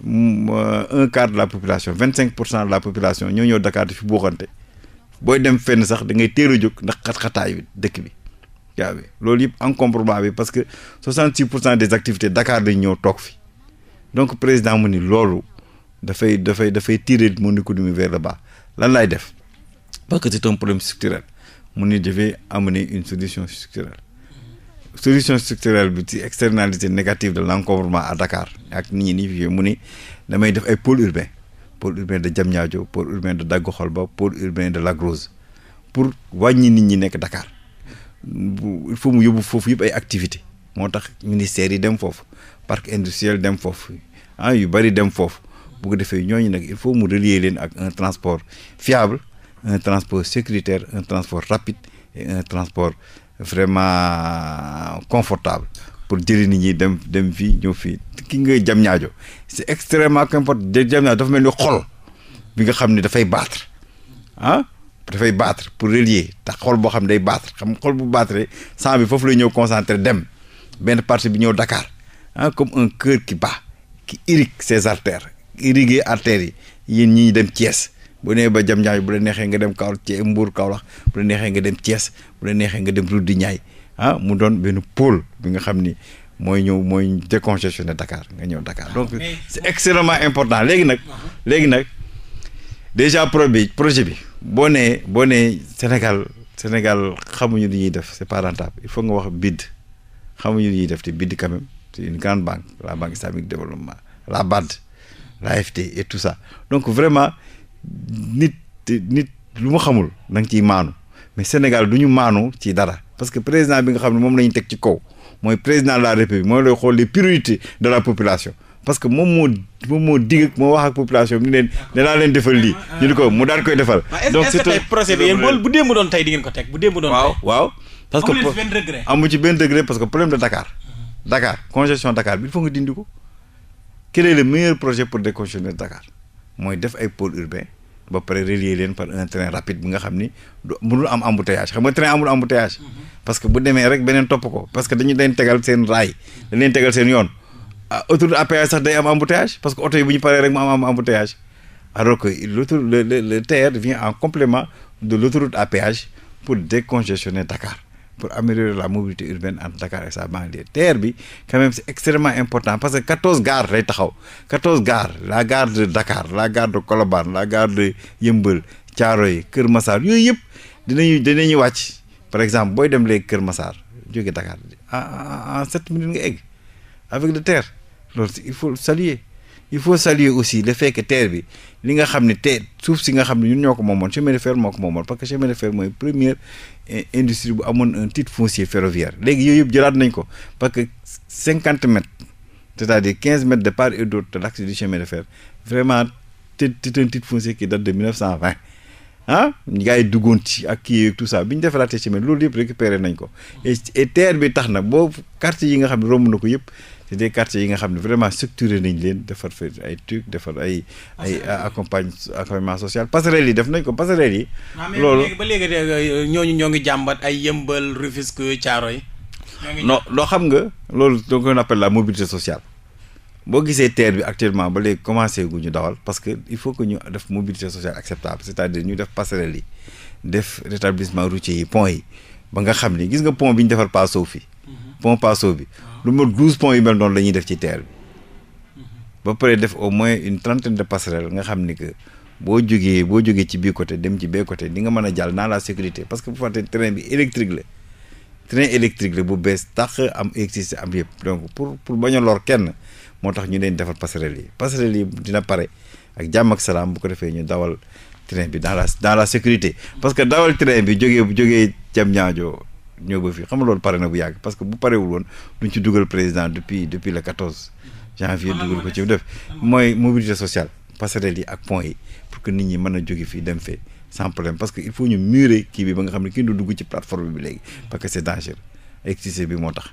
mm, euh, un quart de la population vingt cinq pour cent de la population ñoo ñëw Dakar di fi buuxante booy dem fenn sax da ngay teel a jóg ndax xat-xataayu dëkk bi yaa bi loolu yëpp encombrement bi parce que 66 pour cent des activités Dakar lañ ñëw toog fi donc président mu ni loolu dafay dafay dafay tirer mon économie vers le bas lan laay def parce que c'est un problème structurel mu ni devait amener une solution structurelle solution structurelle bi ci externalité négative de l'encombrement à Dakar ak nit ñi ni fi mu ni damay def ay pôle urbain pôle urbain de Diamniadio pôle urbain de Dagu Xolba pôle urbain de la Rose pour wàññi nit ñi nekk Dakar bu il faut mu yóbbu foofu yëpp ay activité moo tax ministères yi dem foofu parc industriel dem foofu ah yu bëri dem foofu bu ko defee ñooñu nag il faut mu relier leen ak un transport fiable un transport sécuritaire un transport rapide et un transport vraiment confortable pour jëli nit ñi dem dem fii ñëw fii ki nga jam ñaajo c'est extrêmement important jam ñaajo dafa mel ni xol bi nga xam ne dafay battre ah dafay battre pour relier tax xol boo xam day battre xam xol bu battre sang bi foofu lay ñëw concentré dem benn partie bi ñëw dakaar ah comme un cœur qui ba ki irrigue ses artères irriguer artères yi yéen ñi dem Thiès bu nee ba jam ñaay bu la neexee nga dem kaw ci Mbour Kaolack bu la neexee nga dem Thiès bu la neexee nga dem Ruddi ñaay ah mu doon benn pôle bi nga xam ni mooy ñëw mooy de dakaar nga ñëw Dakar donc c'est extrêmement important léegi nag léegi nag déjà pro projet bi boo nee boo nee Sénégal Sénégal xamuñu li ñuy def c'est pas rentable il faut nga wax BID xamuñu li ñuy def te BID quand même c'est une grande banque la banque islamique développement la BAD l'AFD et tout ça donc vraiment nit nit lu mu xamul na nga ciy maanu mais Sénégal du ñu maanu ci dara parce que président bi nga xam ne moom la ñu teg ci kaw mooy président la république mooy lay xool les priorités de la population parce que moom moo moom moo digg moo wax ak population ni leen danaa leen defal lii ah, ah, ñu ni ko ah. mu daan koy defal. donc c'est un projet bi yéen ko teg bu démb doon. waaw waaw parce que amu ci benn regret parce que problème de Dakar. Mm-hmm. Dakar congestion Dakar bi il faut nga dindi ko quel est meilleur projet pour décongestionner Dakar mooy def ay pôle urbain ba pare relier leen par un train rapide bi nga xam ni du mënul am embouteillage xam nga train amul embouteillage. Mm-hmm. parce que bu demee rek beneen topp ko parce que dañu leen tegal seen raay dañ leen tegal yoon. Ah, autoroute à péage sax day am embouteillage parce que oto yi bu ñu paree rek mu am embouteillage alors que l'autoroute le, le, TER vient en complément de l'autoroute à péage pour décongestionner Dakar pour améliorer la mobilité urbaine entre Dakar et sa banlieue TER bi quand c'est extrêmement important parce que 14 gares lay taxaw 14 gares la gare de Dakar la gare de Colobane la gare de Yëmbël Thiaroye Kër Massar yooyu yëpp dinañu dinañu wàcc par exemple booy dem léegi Kër Massar jóge Dakar en en sept minutes nga egg avec loolu il faut saluer il faut saluer aussi le fait que terre bi li nga xam ne te suuf si nga xam ne ñun ñoo ko moomoon chemin de fer moo ko moomoon parce que chemin de fer mooy première industrie bu amoon un titre foncier ferroviaire léegi yooyu yëpp jëlaat nañ ko parce que cinquante mètres c'est-à-dire quinze mètres de part et d'autre de l'axe du chemin de fer vraiment c'est un titre foncier qui date de 1920 ah gars yi duggoon ci ak kii tout ça bi ñu defaraatee chemin loolu yëpp récupéré nañ ko et terre bi tax na boobu quartier yi nga xam ne romb na ko yëpp c'est des quartiers yi nga xam ne vraiment structuré nañ leen defar fa ay truc defar ay. ay accompagne accompagnement social passerelle yi def nañ ko passerelle yi. loolu ba léegi euh, ñooñu ñoo ngi jàmbat ay yëmbal Rufisque Thiaroye non loo xam nga loolu da nga appelle la mobilité social boo gisee terre bi actuellement ba léegi commencé gu ñu dawal parce que il faut que ñu def mobilité sociale acceptable c'est-à-dire ñu def passerelle yi def rétablissement routier yi pont yi ba nga xam ni gis nga pont bi ñu defar Passo fi mhm. pont Passo bi lu ma douze ponts yu mel noonu la def ci terre bi ba pare def au moins une trentaine de passerelles nga xam ni que boo jógee boo jógee ci bii côté dem ci bee côté ni nga mën a jàll dans la sécurité parce que bu fàtte train bi électrique la train bu bees tax am électricité am yëpp donc pour pour bañ a kenn moo tax ñu leen defar passerelles yi passerelles yi dina pare ak jàmm ak salaam bu ko defee ñu dawal train bi dans la la sécurité parce que dawal train bi jógee jógee jam ñaajoo ñëw ba fii xam nga loolu pare na bu yàgg parce que bu parewul woon duñ ci dugal président depuis depuis le 14 janvier dugal ko ci def mooy mobilité sociale passerelle yi ak pont yi pour que nit ñi mën a jóge fi dem fee sans problème parce que il faut ñu murer kii bi ba nga xam ne kii du dugg ci plateforme bi léegi parce que c'est dangereux électricité bi moo tax.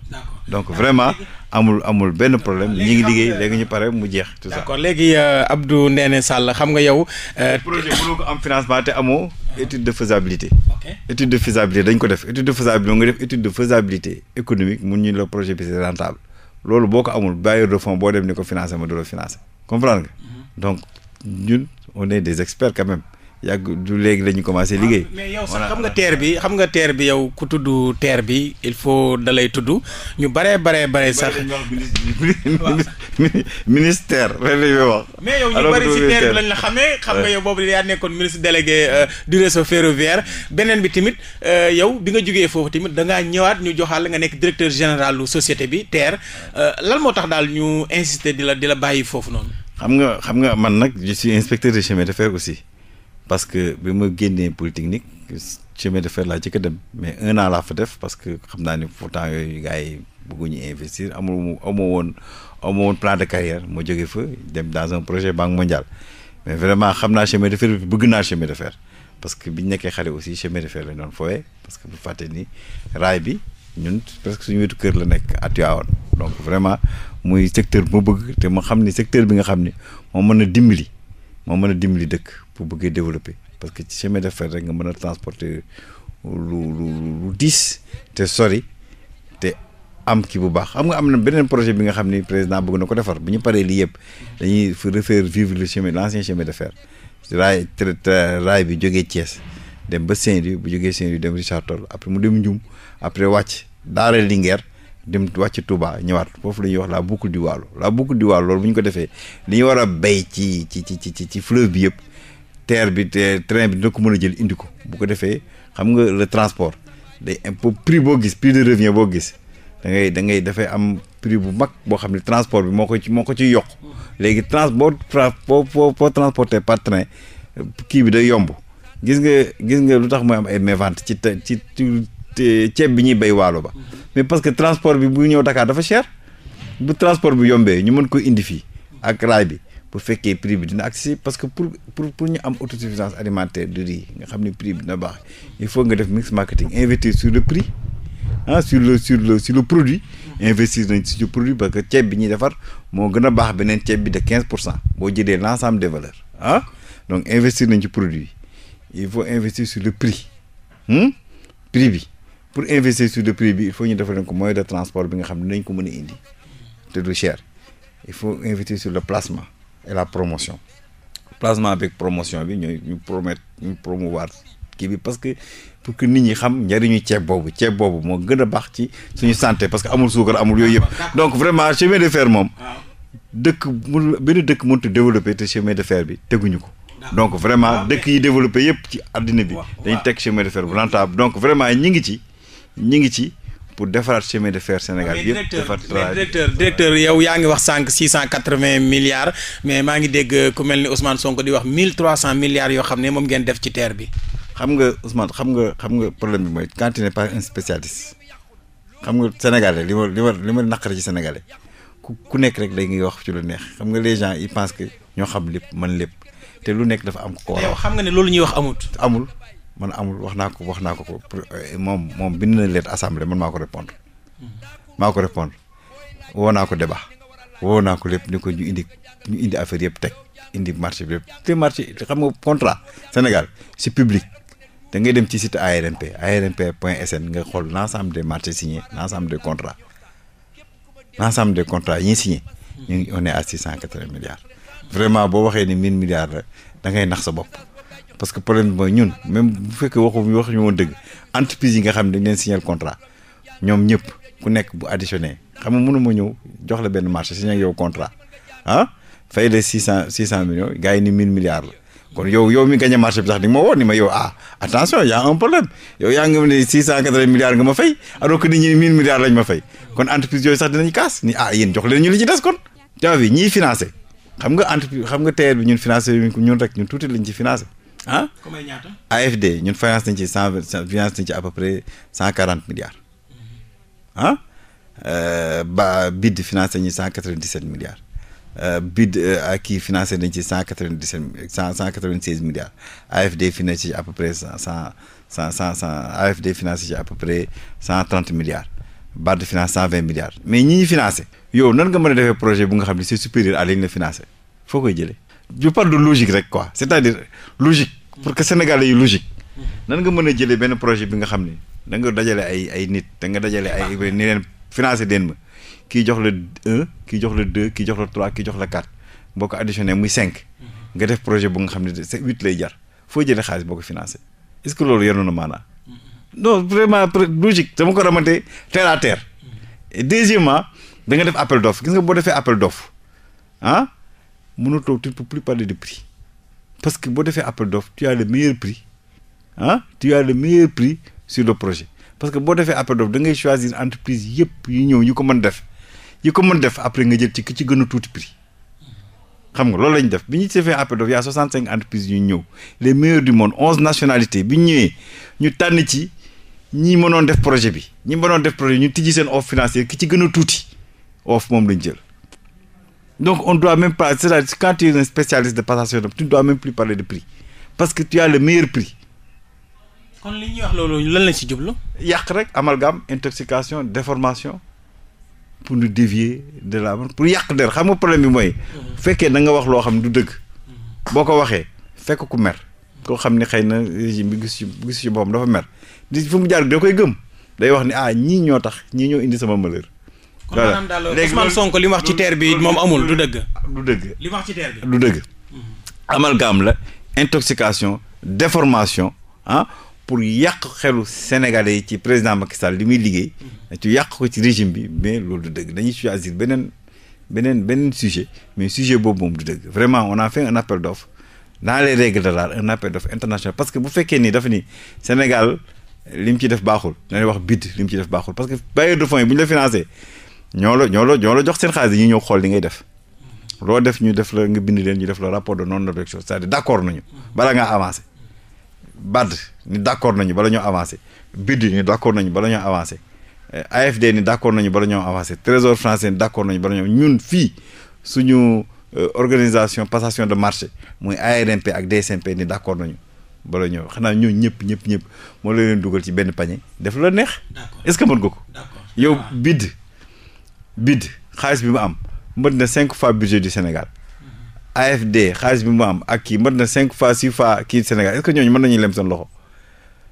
donc vraiment amul amul benn problème ñi ngi liggéey léegi ñu pare mu jeex. tout ça d'accord léegi euh, Abdou Ndéné Sall xam nga yow. Euh, projet mënoo ko te amoo. étude de faisabilité. étude de dañ ko def étude de faisabilité nga def étude de faisabilité économique mun ñu la projet bi c'est rentable loolu boo ko amul bailleur de fonds boo dem ni ko financé ma du la financé comprendre nga. Mm-hmm. donc ñun on est des experts quand même. yàgg du léegi la ñu commencé liggéey. Ah, mais yow sax xam nga teer bi xam nga teer bi yow ku tudd teer bi il faut da lay tudd ñu baree baree baree sax. ministère ren la mais yow ñu bari ci teer bi lañ la xamee. xam nga yow boobu yaa nekkoon ministre délégué euh, du réseau ferroviaire beneen bi tamit euh, yow bi nga jógee foofu tamit da ngaa ñëwaat ñu joxaal la nga nekk directeur général lu société bi teer euh, lan moo tax daal ñu insister di la di la bàyyi foofu noonu. xam nga xam nga man nag je suis inspecteur de chemin aussi. parce que bi ma génnee polytechnique chemin de fer laa jëkk dem mais un an laa fa def parce que xam naa ni pourtant yooyu gars yi bëgguñu investir amul amoo woon amoo woon plan de carrière moo jógee fa dem dans un projet banque mondiale mais vraiment xam naa chemin de fer bi bëgg naa chemin de fer parce que biñ nekkee xale aussi chemin de fer lañ doon fooyee parce que bu fàtte ni raay bi ñun que suñu wetu kër la nekk à Tivaouane donc vraiment muy secteur bu bëgg te xam ni secteur bi nga xam ni moo mën a dimbali. moo mën a dimbali dëkk pour bëggee développer parce que ci chemin de fer rek nga mën a transporter lu lu lu diis te sori te am kii bu baax xam nga am na beneen projet bi nga xam ni président bëgg na ko defar bu ñu paree lii yëpp dañuy refaire vivre le chemin l'ancien chemin de fer raay raay bi jógee Thiès dem ba saint bu jógee Saint-Louis dem Richard Toll après mu dem Ndioum après wàcc daara Linguère dem wàcc Touba ñëwaat foofu la ñuy wax la boucle du Waalo la boucle du Waalo loolu bu ñu ko defee li ñu war a béy ci ci ci ci ci fleuve bi yëpp terre bi train bi dina ko mën a jël indi ko bu ko defee xam nga le transport day impôt prix boo gis prix de revient boo gis dangay da ngay dafay am prix bu mag boo xam ne transport bi moo ko ci moo ko ciy yokk léegi trans boo boo boo transporté par train kii bi day yomb gis nga gis nga lu tax mooy am ay mévente ci ci ceeb bi ñuy béy waalo ba. mais parce que transport bi bu ñëw Dakar dafa cher bu transport bi yombee ñu mën ko indi fii ak raay bi bu fekkee prix bi dina accessible parce que pour pour pour ñu am autosuffisance alimentaire de riz nga xam ni prix bi dina baax il faut nga def mix marketing investir sur le prix ah sur le sur le sur le produit investir nañ sur le produit parce que ceeb bi ñuy defar moo gën a baax beneen ceeb bi de quinze pour cent boo jëlee l' ensemble des valeurs ah, donc investir nañ ci produit il faut investir sur le prix hmm, prix bi pour investir de prix bi il faut ñu defal leen ko moyen de transport bi nga xam ne nañ ko mën a indi te du cher il faut investir sur le placement et la promotion placement bi promotion bi ñooy ñu promettre ñu promouvoir kii bi parce que pour que nit ñi xam njariñu ceeb boobu ceeb boobu moo gën a baax ci suñu santé parce que amul suukar amul yooyu yëpp ah, donc vraiment chemin de fer moom ah. dëkk mun benn dëkk mënut a développé te chemin de fer bi teguñu ko donc vraiment ah, dëkk yi développé yëpp ci àddina bi dañu teg chemin de fer bu rentable donc vraiment ñi ci ñu ngi ci pour defaraat chemin de fair Sénégal yëpp defar mais directeur directeur yow yaa ngi wax sànq six cent quatre-vingts milliards mais maa ngi dégg ku mel ni Ousmane Sonko di wax mille trois cent milliards yoo xam ne moom ngeen def ci terre bi. xam nga Ousmane xam nga xam nga problème bi mooy quand tu n'es xam nga sénégalais li ma li ma li ma naqari ci sénégalais ku nekk rek day ngi wax ci lu neex xam nga les gens ils pensent que ñoo xam lépp man lépp te lu nekk dafa am ko ko wax. xam nga ne loolu ñuy wax amut. amul man amul wax naa ko wax naa ko ko eh, moom moom bind na leen assemblée man maa ko répondre mm-hmm. maa ko répondre woo naa ko débat woo naa ko lépp ni ko ñu indi ñu indi affaire yëpp teg indi marché bi yëpp te marché xam nga contrat Sénégal c'est public da ngay dem ci site ARMP ARMP point sn nga xool l'ensemble des marchés signés l'ensemble des contrats l'ensemble des contrats yi signé ñu ngi on est à six cent quatre-vingts milliards vraiment boo waxee ni mille milliards la da ngay nax sa bopp parce que problème bi mooy ñun même bu fekkee waxu waxuñu woon dëgg entreprise yi nga xam ne dañ contrat ñoom ñëpp ku nekk bu additionné xam nga mënu ma ñëw jox la benn marché signé ak yow contrat ah fay la six cent six cent ni mille la kon yow yow mi gagné marché bi sax di ma woo ni ma yow ah, attention y' a un problème yow yaa ngi ne six cent quatre-vingts nga ma fay alors que nit ñi mille milliards lañ ma fay kon entreprise yooyu sax dinañ kaas ni ah yéen jox leen ah comme ay ñaata. AFD ñun finance nañ ci cent vingt finance nañ ci à peu près cent quarante milliards ah ba BID financé nañ euh, euh, ci cent quatre vingt dix sept milliards BID ak kii nañ ci cent quatre vingt dix cent cent quatre vingt seize milliards AFD financé ci à peu près cent cent cent cent AFD financé ci à peu près cent trente milliards BAD finance milliards mais ñi ñu financé yow nan nga mën a defee projet bu nga xam ne c'est supérieur à li ñu la financé foo koy jëlee. ju par de logique rek quoi c'est-à-dire logique pour que sénégalais yi logique nan nga mën a jëlee benn projet bi nga xam ne da nga dajale ay ay nit te nga dajale ay ni leen financé den ma kii jox la un kii jox la deux kii jox la trois kii jox la quatre boo ko additionné muy cinq mm-hmm. nga def projet bu nga xam ne c'est ut lay jar foo jële xaalis boo ko financé est-ce que loolu yenoon na maanaa mm-hmm. non vraiment logique dama ko ramante terre à mm-hmm. et deuxièmement da nga def appel d'offre gis nga boo defee appel d'offre ah mënatoo tu ne peux plus parler de prix parce que boo defee appel d'offre tu as le meilleur prix ah prix sur le projet parce que boo defee appel da ngay choisir entreprise yëpp yu ñëw ñu ko mën def yi ko mën def après nga jël ci ki ci gën a tuuti prix xam nga loolu lañ def bi ñu defee appel d'offre y a 65 entreprises ñëw les meilleurs du monde 11 nationalité bi ñu ñëwee ñu tànn ci ñi mënoon def projet bi ñi mënoon def projet ñu tijji seen offre financière ki ci gën a tuuti offre moom lañ jël. donc on doit même pas c'est-à-dire quand tu es un parce que tu as le meilleur prix. kon li ñuy wax loolu lan lañ ci jublu. yàq rek amalgame intoxication déformation pour nous dévier de la pour yàq der xam nga problème bi mooy. Mhm. fekkee da nga wax loo xam du dëgg. Mhm. boo ko waxee fekk ku mer. koo xam ne xëy na régime bi gis gis ci boppam dafa mer di fu mu jaar da koy gëm day wax ni ah ñii ñoo tax ñii ñoo indi sama malheur. kon maanaam daal Ousmane Sonko li mu wax ci teer bi moom amul du dëgg. du dëgg li wax ci teer bi du dëgg. amalgame la intoxication déformation ah pour yàq xelu sénégalais yi ci président Macky Sall li muy liggéey. ci mm-hmm. yàq ko ci régime bi mais loolu du dëgg dañuy choisir beneen beneen beneen sujet mais sujet boobu moom du dëgg vraiment on a fait un appel d'offre dans les règles de l'art un appel parce que bu fekkee nii dafa ni Sénégal li mu ci def baaxul dañuy wax BID li ci def baaxul parce que bailleurs de fonds yi bu ñoo la ñoo la ñoo la jox seen xaalis dañuy ñëw xool li ngay def loo def ñu def la nga bind leen ñu def la rapport de non objection c'est-à-dire d'accord nañu bala ngaa avancé BAD ni d'accord nañu bala ñoo avancé BID ni d'accord nañu bala ñoo avancé eh, AFD ni d'accord nañu bala ñoo avancé Trésor français ni d'accord nañu bala ñoo ñun fii suñu euh, organisation passation de marché muy ARMP ak DSMP ni d'accord nañu bala ñëw xanaa ñoo ñëpp ñëpp ñëpp moo la leen dugal ci benn panier def la neex est-ce que mën nga ko BID xaalis bi mu am mën na cinq fois budget du Sénégal AFD xaalis bi mu am ak kii mën na cinq fois six fois kii Sénégal est-ce que ñooñu mën nañu lem seen loxo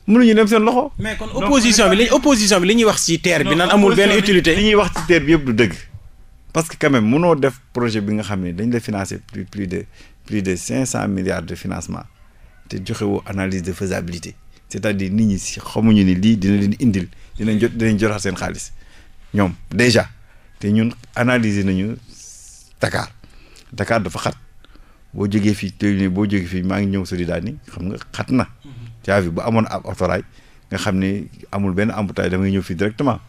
nañu lem seen loxo. mais kon opposition bi li ñuy wax ci terre bi. naan amul benn utilité li ñuy wax ci terre bi yëpp du dëgg. parce que quand même mënoo def projet bi nga xam ne dañ la financer plus de plus de cinq cent milliards de financement te joxewoo analyse de faisabilité c'est-à-dire nit ñi si xamuñu ni lii dina leen indil dinañ jot dinañ jotaat seen xaalis ñoom déjà. te ñun analyser nañu Dakar Dakar dafa xat boo jógee fii tey nii boo jógee fii maa ngi ñëw sori daal ni xam nga xat na. caa mhm. fi bu amoon ab autorail nga xam ni amul benn embouteillage damay ñëw fii directement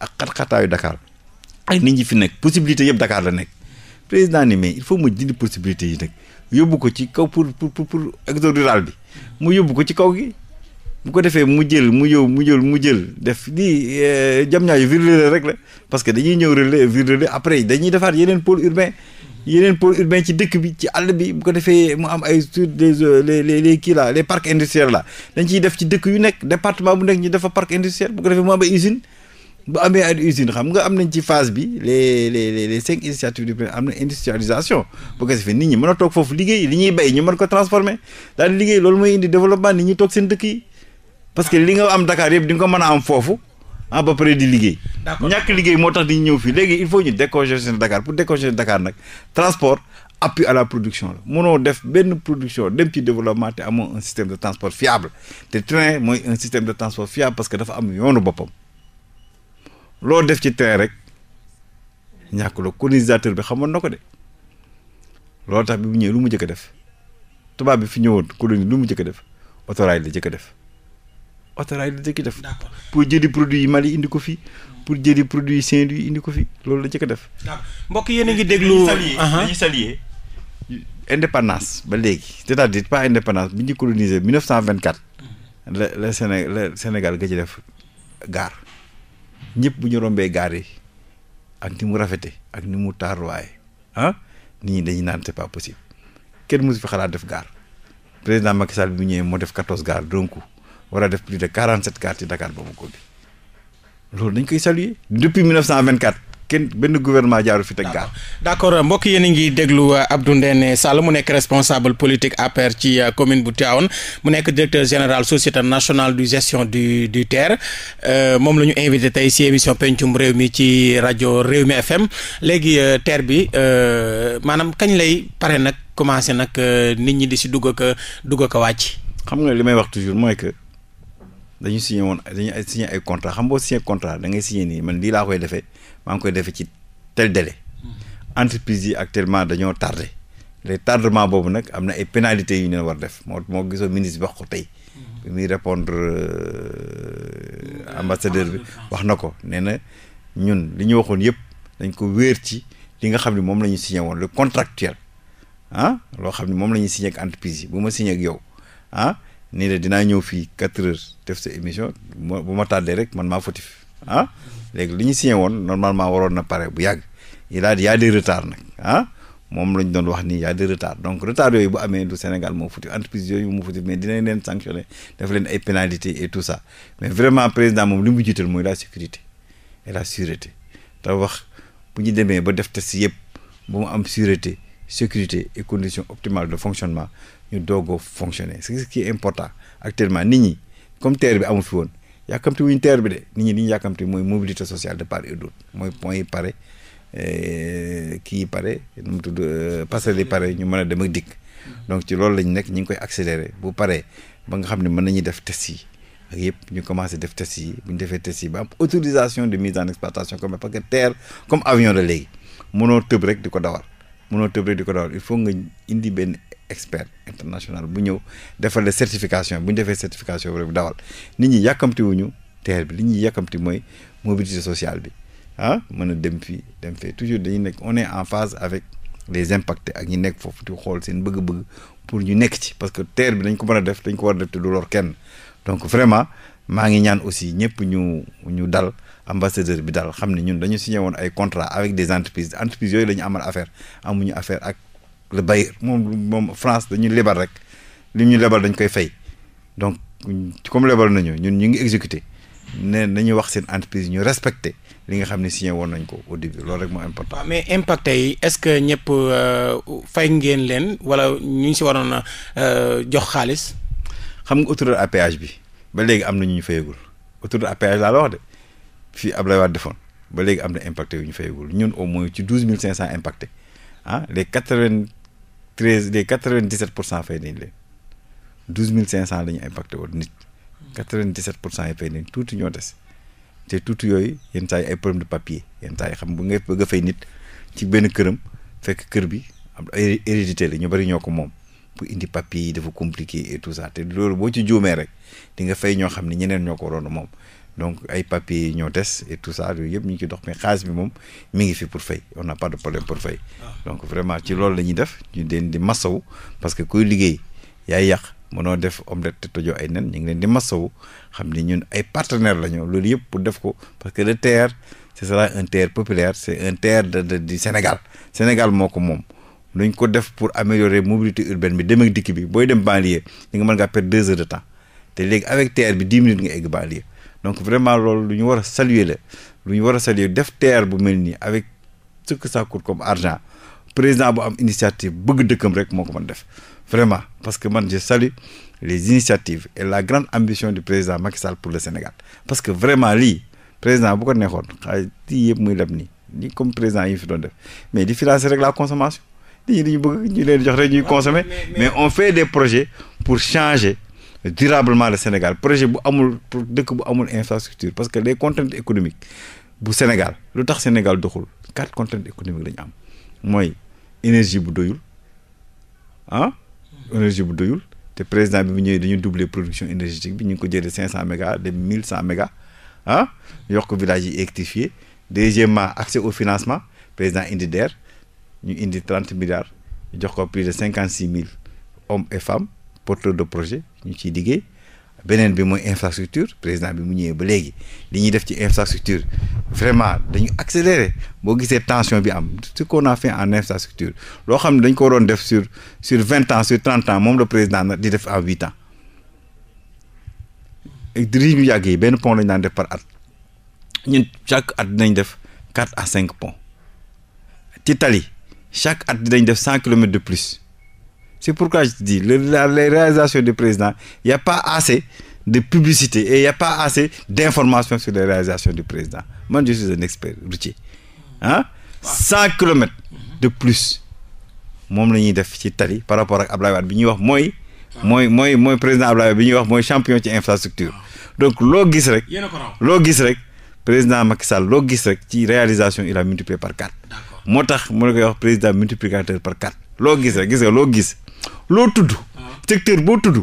ak xat-xataayu Dakar ay nit ñi fi nekk possibilité yëpp dakaar la nekk président ni mais il faut mu dindi possibilité yi nag yóbbu ko ci kaw pour pour pour exode rural bi mu yóbbu ko ci kaw gi. bu ko defee mu jël mu yow mu jël mu jël def lii euh, jam ñaayu ville relais rek la parce que dañuy ñëw relais ville relais après dañuy defaat yeneen pôle urbain yeneen pôle urbain ci dëkk bi ci àll bi bu ko defee mu am ay sur euh, les les les kii là def ci dëkk yu nekk département bu nekk ñu defa parc industriel bu ko defee mu am ay usine bu amee ay usine xam nga am nañ ci phase bi les les les cinq initiatives du plan am na industrialisation bu ko defee nit ñi mën a toog foofu liggéey li ñuy béy ñu mën ko transformer daal di liggéey loolu mooy indi développement nit ñi toog seen dëkk yi parce que li nga am dakaar yëpp di nga ko mën a am foofu ah ba di liggéey. ñàkk liggéey moo tax di ñëw fii léegi il faut ñu décongestionner Dakar pour décongestionner Dakar nag transport appui à la production la mënoo def benn production dem ci développement te amoo un système de transport fiable te train mooy un système de transport fiable parce que dafa am yoonu boppam loo def ci train rek ñàkk la colonisateur bi xamoon na ko de loolu tax bi mu lu mu njëkk def tubaab bi fi ñëwoon colonie lu mu njëkk def autorail la njëkk a autorail lu njëkk def. pour jëli produit yi Mali indi ko fi. pour jëli produit yi Saint-Louis indi ko fi loolu la njëkk def. mbokk yéen a ngi déglu uh-huh. dañuy saluer indépendance ba léegi c'est-à-dire pas indépendance bi ñu colonisé 1924. Mm-hmm. la la Séné la Sénégal ga ci def gaar ñëpp bu ñu rombee gaar yi ak ni mu rafete ak ni mu taaruwaay ah nit ñi dañuy naan c'est pas possible kenn mësu fi xalaat def gaar président Macky Sall bi mu ñëwee moo def 14 gaar donc. war def plus de 47 quartiers Dakar ba mu ko bi loolu dañ koy saluer depuis 1924 kenn benn gouvernement jaaru fi teg gaar d' accord mbokk yéen ngi déglu euh, Abdou Ndéné Sall mu nekk responsable politique APR ci euh, commune bu Tivaouane mu nekk directeur général société national du gestion du du terre euh, moom la ñu invité tey si émission pencum réew mi ci rajo réew mi FM léegi terre bi maanaam kañ lay pare nag commencé nag nit ñi di si dugg ak dugg ak wàcc. xam nga li may wax toujours mooy que. dañu signé woon dañu signé ay contrat xam boo signé contrat da ngay signé nii man lii laa koy defee maa ngi koy defee ci tel délai. Hmm. entreprise yi actuellement dañoo tardé le tardement boobu nag am na ay pénalités yu ñu leen war def moo moo gisoo ministre bi wax ko tey. Hmm. bi muy répondre euh, hmm. ambassadeur bi ah, wax na ko nee na ñun li ñu waxoon yëpp dañ ko wéer ci li nga xam ne moom la ñu signé woon le contractuel ah loo xam ne moom la ñuy signé ak entreprise yi bu ma signé ak yow ah. nii de dinaa ñëw fii quatre heures def sa émission bu ma tàddee rek man maa foti ah léegi li ñu signé woon normalement waroon na pare bu yàgg yi daal y a des retards nag ah? moom lañ doon wax nii y a des donc retard yooyu bu amee du Sénégal moo fautif entreprise yooyu moo fautif mais dinañ leen sanctionné def leen ay pénalités et tout ça mais vraiment président moom lu mu jiital mooy la sécurité et la te wax bu ñu demee ba def test yëpp ba mu am sûreté sécurité et conditions de fonctionnement ñu doogoo a fonctionner c'est ce qui est important actuellement nit ñi comme terre bi amul fi woon yàkkamti wuñ teer bi de nit ñi li ñu yàkkamti mooy mobilité sociale de part et d'autre mooy point yi pare euh, kii yi pare nu mu tudd euh, passerelle yi pare ñu mën a dem ak dikk donc ci loolu lañ nekk ñu ngi koy accélérer bu paree ba nga xam ne mën nañuy def test ak yëpp ñu commencé def test bu ñu defee test ba autorisation de mise en exploitation comme parce que terre comme avion la léegi mënoo tëb rek di ko dawal mënoo tëb rek di ko dawal il faut nga indi benn expert international bu ñëw defal la certification bu ñu defee certification bi rek dawal nit ñi yàkkamti wuñu teer bi li ñu yàkkamti mooy mobilité sociale bi ah mën a dem fii dem fee toujours dañu nekk on est en phase avec les impactés ak ñi nekk foofu di xool seen bëgg-bëgg pour ñu nekk ci parce que teer bi dañ ko mën a def dañ ko war a def te du kenn donc vraiment maa ngi ñaan aussi ñëpp ñu ñu dal ambassadeur bi dal xam ne ñun dañu signé woon ay contrat avec des entreprises entreprises yooyu la affaire amuñu affaire ak le bailleur moom moom France dañuy lebal rek li ñu lebal dañ koy fay donc comme lebal nañu ñun ñu ngi exécuter ne nañu wax seen entreprise ñu respecté li nga xam ne signé woon nañ ko au début loolu rek moo important. waaw ah, mais impacté yi est-ce que ñëpp euh, fay ngeen leen wala ñu ngi si waroon a euh, jox xaalis. xam nga autoroute à bi ba léegi am na ñu ñu fayagul autoroute à péage laa la wax de fii Ablaye Wade defoon ba léegi am na impacte yu ñu fayagul ñun au moins ci douze mille cinq cent impacté ah, treize les quatre vingt dix sept pour cent fay nañ leen douze mille cinq cent la ñu impacté woon nit quatre vingt dix sept pour cent yi fay nañ tuuti ñoo des te tuuti yooyu yenn ay problème de papier yenn saa yi xam bu nga bëgg a fay nit ci benn këram fekk kër bi am ay hérédité la ñu bari ñoo ko moom bu indi papier yi dafa compliqué et tout ça te loolu boo ci juumee rek di nga fay ñoo xam ne ñeneen ñoo ko waroon moom donc ay papiers yi ñoo des et tout ça yooyu yëpp ñu ngi ci dox mais xaalis bi moom mi ngi fi pour fay on n'a pas de problème pour fay. Ah. donc vraiment ci loolu la def ñu leen di masawu parce que kuy liggéey yaay yàq mënoo def omelette tojo ay nen ñu ngi leen di masawu xam ne ñun ay partenaires la ñu loolu yëpp pour def ko parce que le TER ce sera un TER populaire c'est un TER de de Sénégal Sénégal moo ko moom. luñ ko def pour améliorer mobilité urbaine bi dem ak bi booy dem banlieue li nga mën ngaa perdre te léegi avec TER donc vraiment loolu lu ñu war a saluer lu ñu war a saluer def TER bu mel nii avec ce que ça comme argent président bu am initiative bëgg dëkkam rek moo ko mën def vraiment parce que man je salue les initiatives et la grande ambition du président Macky Sall pour le Sénégal parce que vraiment lii président bu ko neexoon xaalis lii yëpp muy leb nii nii comme président yi fi doon def mais di financer rek la consommation nit ñi dañu bëgg ñu leen jox rek ñuy consommer mais on fait des projets pour changer durablement le Sénégal projet bu amul dëkk bu amul infrastructure parce que les contraintes économiques bu Sénégal lu tax Sénégal doxul quatre contraintes économique la am mooy énergie bu doyul ah énergie bu doyul te président bi mu ñëwee dañu doubler production énergétique bi ñu ngi ko jëlee cinq cent de mille cent mégas ah yokk village yi électrifié deuxièmement accès au financement président indi DER ñu indi trente milliards jox ko plus de cinquante six mille hommes et femmes porteur de projet ñu ciy liggéey beneen bi mooy infrastructure président bi mu ñëwee ba léegi li ñuy def ci infrastructure vraiment dañu accélérer boo gisee tension bi am ce qu'on a fait en infrastructure loo xam ne dañ ko waroon def sur sur vingt ans sur trente ans moom la président nag di def en huit ans riz yu yàgg yi benn pont lañu daan def par at ñun chaque at def quatre à cinq ponts ci tali chaque at dinañ def cent kilomètres de plus C'est pourquoi je di le, la, les réalisations du président, il n'y a pas assez de publicité et il n'y a pas assez d'informations sur les réalisations du président. Moi, je suis un expert routier. Hein? 100 km de plus moom la ñuy def ci tali par rapport ak Ablaye Wade bi ñuy wax mooy. mooy mooy mooy président Ablaye bi ñuy wax mooy champion ci infrastructure donc loo gis rek. loo gis rek président Macky Sall loo gis rek ci réalisation il la multiplié par quatre. moo tax mu ne koy wax président multiplicateur par quatre loo gis rek loo gis loo tudd secteur boo tudd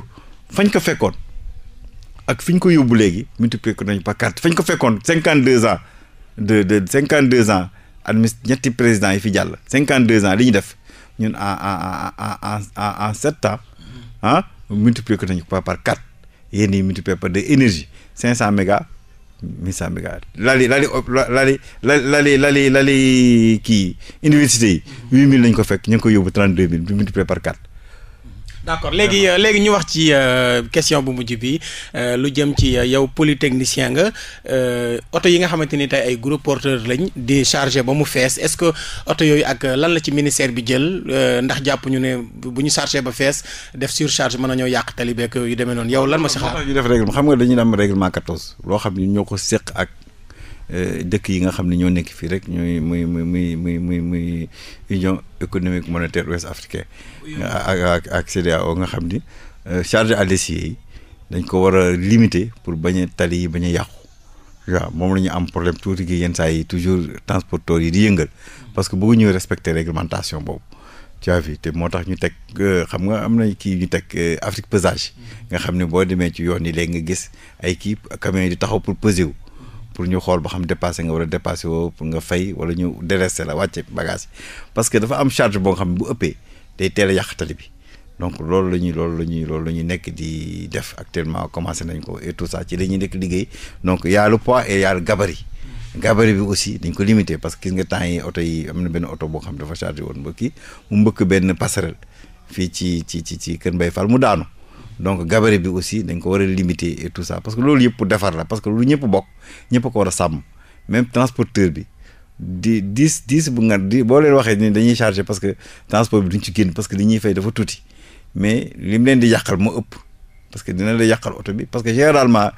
fañ ko fekkoon ak fiñ ko yóbbu léegi multiplier nañ par quatre fañ ko fekkoon cinquante deux ans de de cinquante deux ans administ ñetti président yi fi jàll cinquante deux ans li ñu def ñun en en en en sept ans ah multiplier ko nañ par par quatre yéen yi multiplier par de énergie cinq cent méga mille milliards lali lali lali lali lali kii université yi huit mille lañ ko fekk ñu ngi ko yóbbu trente deux mille bi multiplié par quatre d' accord léegi euh, léegi ñu wax ci euh, question bu mujj bi euh, lu jëm ci yow polytechnicien nga oto yi nga xamante ni tey ay gros porteur lañ di chargé ba mu fees est ce que oto yooyu ak lan la ci ministère bi jël ndax jàpp ñu ne bu ñu chargé ba fees def surcharge mën na ñoo yàq tali beeg yu demee noonu yow lan ma si xaar. ñu def règlement xam nga dañuy am règlement 14 loo xam ni ñoo ko seq ak. Euh, dëkk yi nga xam ne ñoo nekk fii rek ñuy muy muy muy muy muy muy union économique monétaire ouest africaine ak ak ak CEDEAO nga xam ni euh, charge à l'essier yi dañ ko war a limiter pour bañ tali yi bañ a yàqu waaw moom la ñu am problème tuuti gi yenn saa yi toujours transporteurs yi di yëngal parce que bëggu ñuy respecter réglementation boobu tu as vu te moo tax ñu teg euh, xam nga am na kii ñu teg Afrique pesage mm-hmm. nga xam ne boo demee ci yoon yi léegi nga gis ay kii camions yi di taxaw pour peser wu pour ñu xool ba xam dépassé nga a dépassé woo pour nga fay wala ñu délesté la wàcce bagage parce que dafa am charge boo xam ne bu ëppee day teel a tali bi donc loolu la ñuy loolu la ñuy loolu la ñuy nekk di def actuellement commencé nañ ko et tout ça ci la ñuy nekk liggéey donc y a a le gabarit gabarit bi aussi dañ ko limité parce que gis nga temps yi oto yi am na benn oto boo xam dafa chargé woon ba kii mu mbëkk benn passerelle fii ci ci ci ci Kër Mbaye Fall mu daanu donc gabarit bi aussi dañ ko war a limiter et tout ça parce que loolu yëpp defar la parce que lu ñëpp bokk ñëpp ko war a sàmm même transporteur bi di dix dix bu nga di boo leen waxee ni dañuy charger parce que transport bi duñ ci génn parce que li ñuy fay dafa tuuti mais lim leen di yàqal moo ëpp parce que dina la yàqal oto bi parce que généralement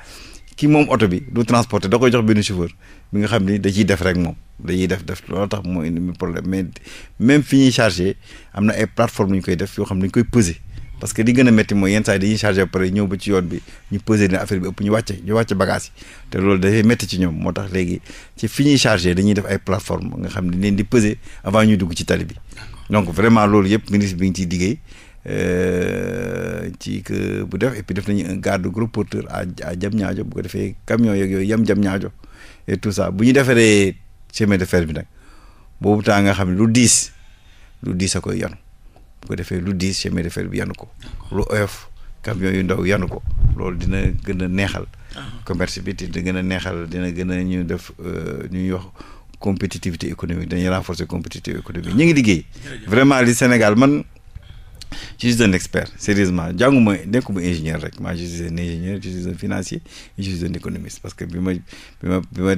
ki moom oto bi du transporter da koy jox bi benn chauffeur bi nga xam ni dañuy def rek moom dañuy def def loolu tax moo indi problème mais même fi ñuy charger am na ay plateformes yu koy def yoo xam ne koy peser. parce que di gën a métti mooy yenn saa yi dañuy chargé ba pare ñëw ba ci yoon bi ñu pesé ne affaire bi ëpp ñu wàcce ñu wàcce bagage te loolu dafay métti ci ñoom moo tax léegi ci fi ñuy chargé dañuy def ay plateforme nga xam ne leen di pesé avant ñuy dugg ci tali bi donc vraiment loolu yëpp ministre bi ngi ciy liggéey euh, ci que bu def et puis nañu un garde à à Diamniadio bu ko defee camion yeeg yooyu yem Diamniadio et tout ça bu ñu defaree chemin de fer bi nag boobu temps nga xam ne lu diis lu diis a koy yoon bu ko defee lu diis chemin de fer bi yanu ko lu oyof camion yu ndaw yanu ko loolu dina gën a neexal ah. commerce bi dina gën a neexal dina gën a ñu def euh, ñuy wax compétitivité économique dañuy renforcer compétitivité économique ah. ñu ngi liggéey vraiment li Sénégal man je suis un expert sérieusement jànguma nekkuma ingénieur rek ma je suis un ingénieur je suis un financier je suis un parce que bi ma bi ma bi ma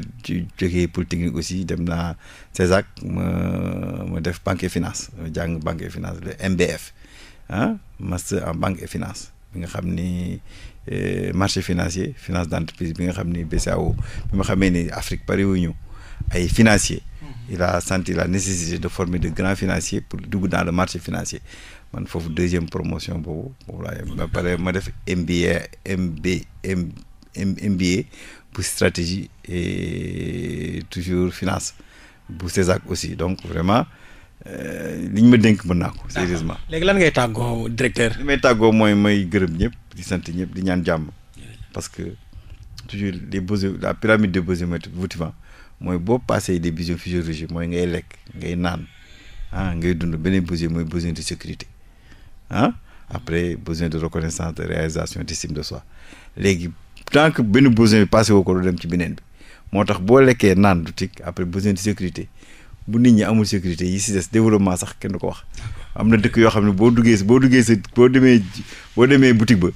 jógee polytechnique aussi dem naa CESAC ma ma def banque et finance ma banque et finance le MBF ah master en banque et finance bi nga xam ni eh, marché financier finance d'entreprise bi nga xam ni BCEAO bi ma xamee ni Afrique pare wuñu ay financier il a senti la nécessité de forme de grands financiers pour dugg dans le marché financier man foofu deuxième promotion boobu boobu laa yem pare ma def MBA MB MBA bu stratégie et toujours finance bu CESAC aussi donc vraiment euh, li ñu ma dénk mën naa ko sérieusement. léegi lan ngay tàggoo directeur. li may tàggoo mooy may gërëm ñëpp di sant ñëpp di ñaan jàmm parce que toujours les besoins la pyramide des besoins motivants mooy boo passé des besoins physiologiques mooy ngay lekk ngay naan ah ngay dund beneen besoin mooy besoin de sécurité ah après besoin de reconnaissance de réalisation d'estime de soi léegi tant que benn besoin bi passé woo ko du dem ci beneen bi moo tax boo lekkee naan du tig après besoin de sécurité bu nit ñi amul sécurité yi si des développement sax kenn du ko wax am na dëkk yoo xam ne boo duggee boo duggee sa boo demee boo demee boutique ba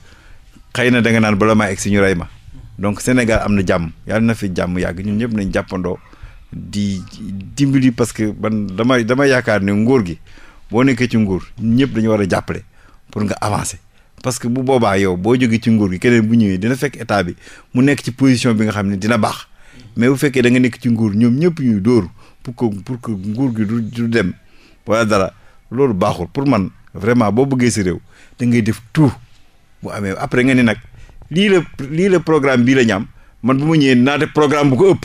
xëy na danga nga naan bala maa si ñu rey ma donc Sénégal am na jàmm yàlla na fi jàmm yàgg ñun ñëpp nañ jàppandoo di dimbali parce que man damay damay yaakaar ne nguur gi boo nekkee ci nguur ñëpp dañu war a jàppale pour nga avancé parce que bu boobaa yow boo jógee ci nguur gi keneen bu ñëwee dina fekk état bi mu nekk ci position bi nga xam ne dina baax mais bu fekkee danga nekk ci nguur ñoom ñëpp ñuy dóor pour que pour que nguur gi du du dem wala dara loolu baaxul pour man vraiment boo bëggee si réew da ngay def tout bu amee après nga ni nag. lii la lii la programme bii la ñam man bu ma ñëwee naa def programme bu ko ëpp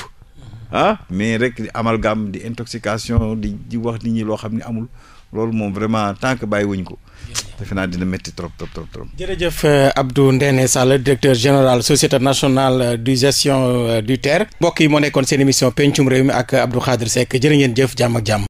ah mais rek di amalgame di intoxication di di wax nit ñi loo xam ne amul loolu moom vraiment tant bàyyi wuñ ko defe naa dina métti trop trop trop trop. jërëjëf euh, Abdou Ndéné Sall directeur général société nationale de gestion euh, du terre mbokk yi moo nekkoon seen émission pencum réew mi ak Abdou Khadre Seck jërë ngeen jëf jàmm ak jàmm.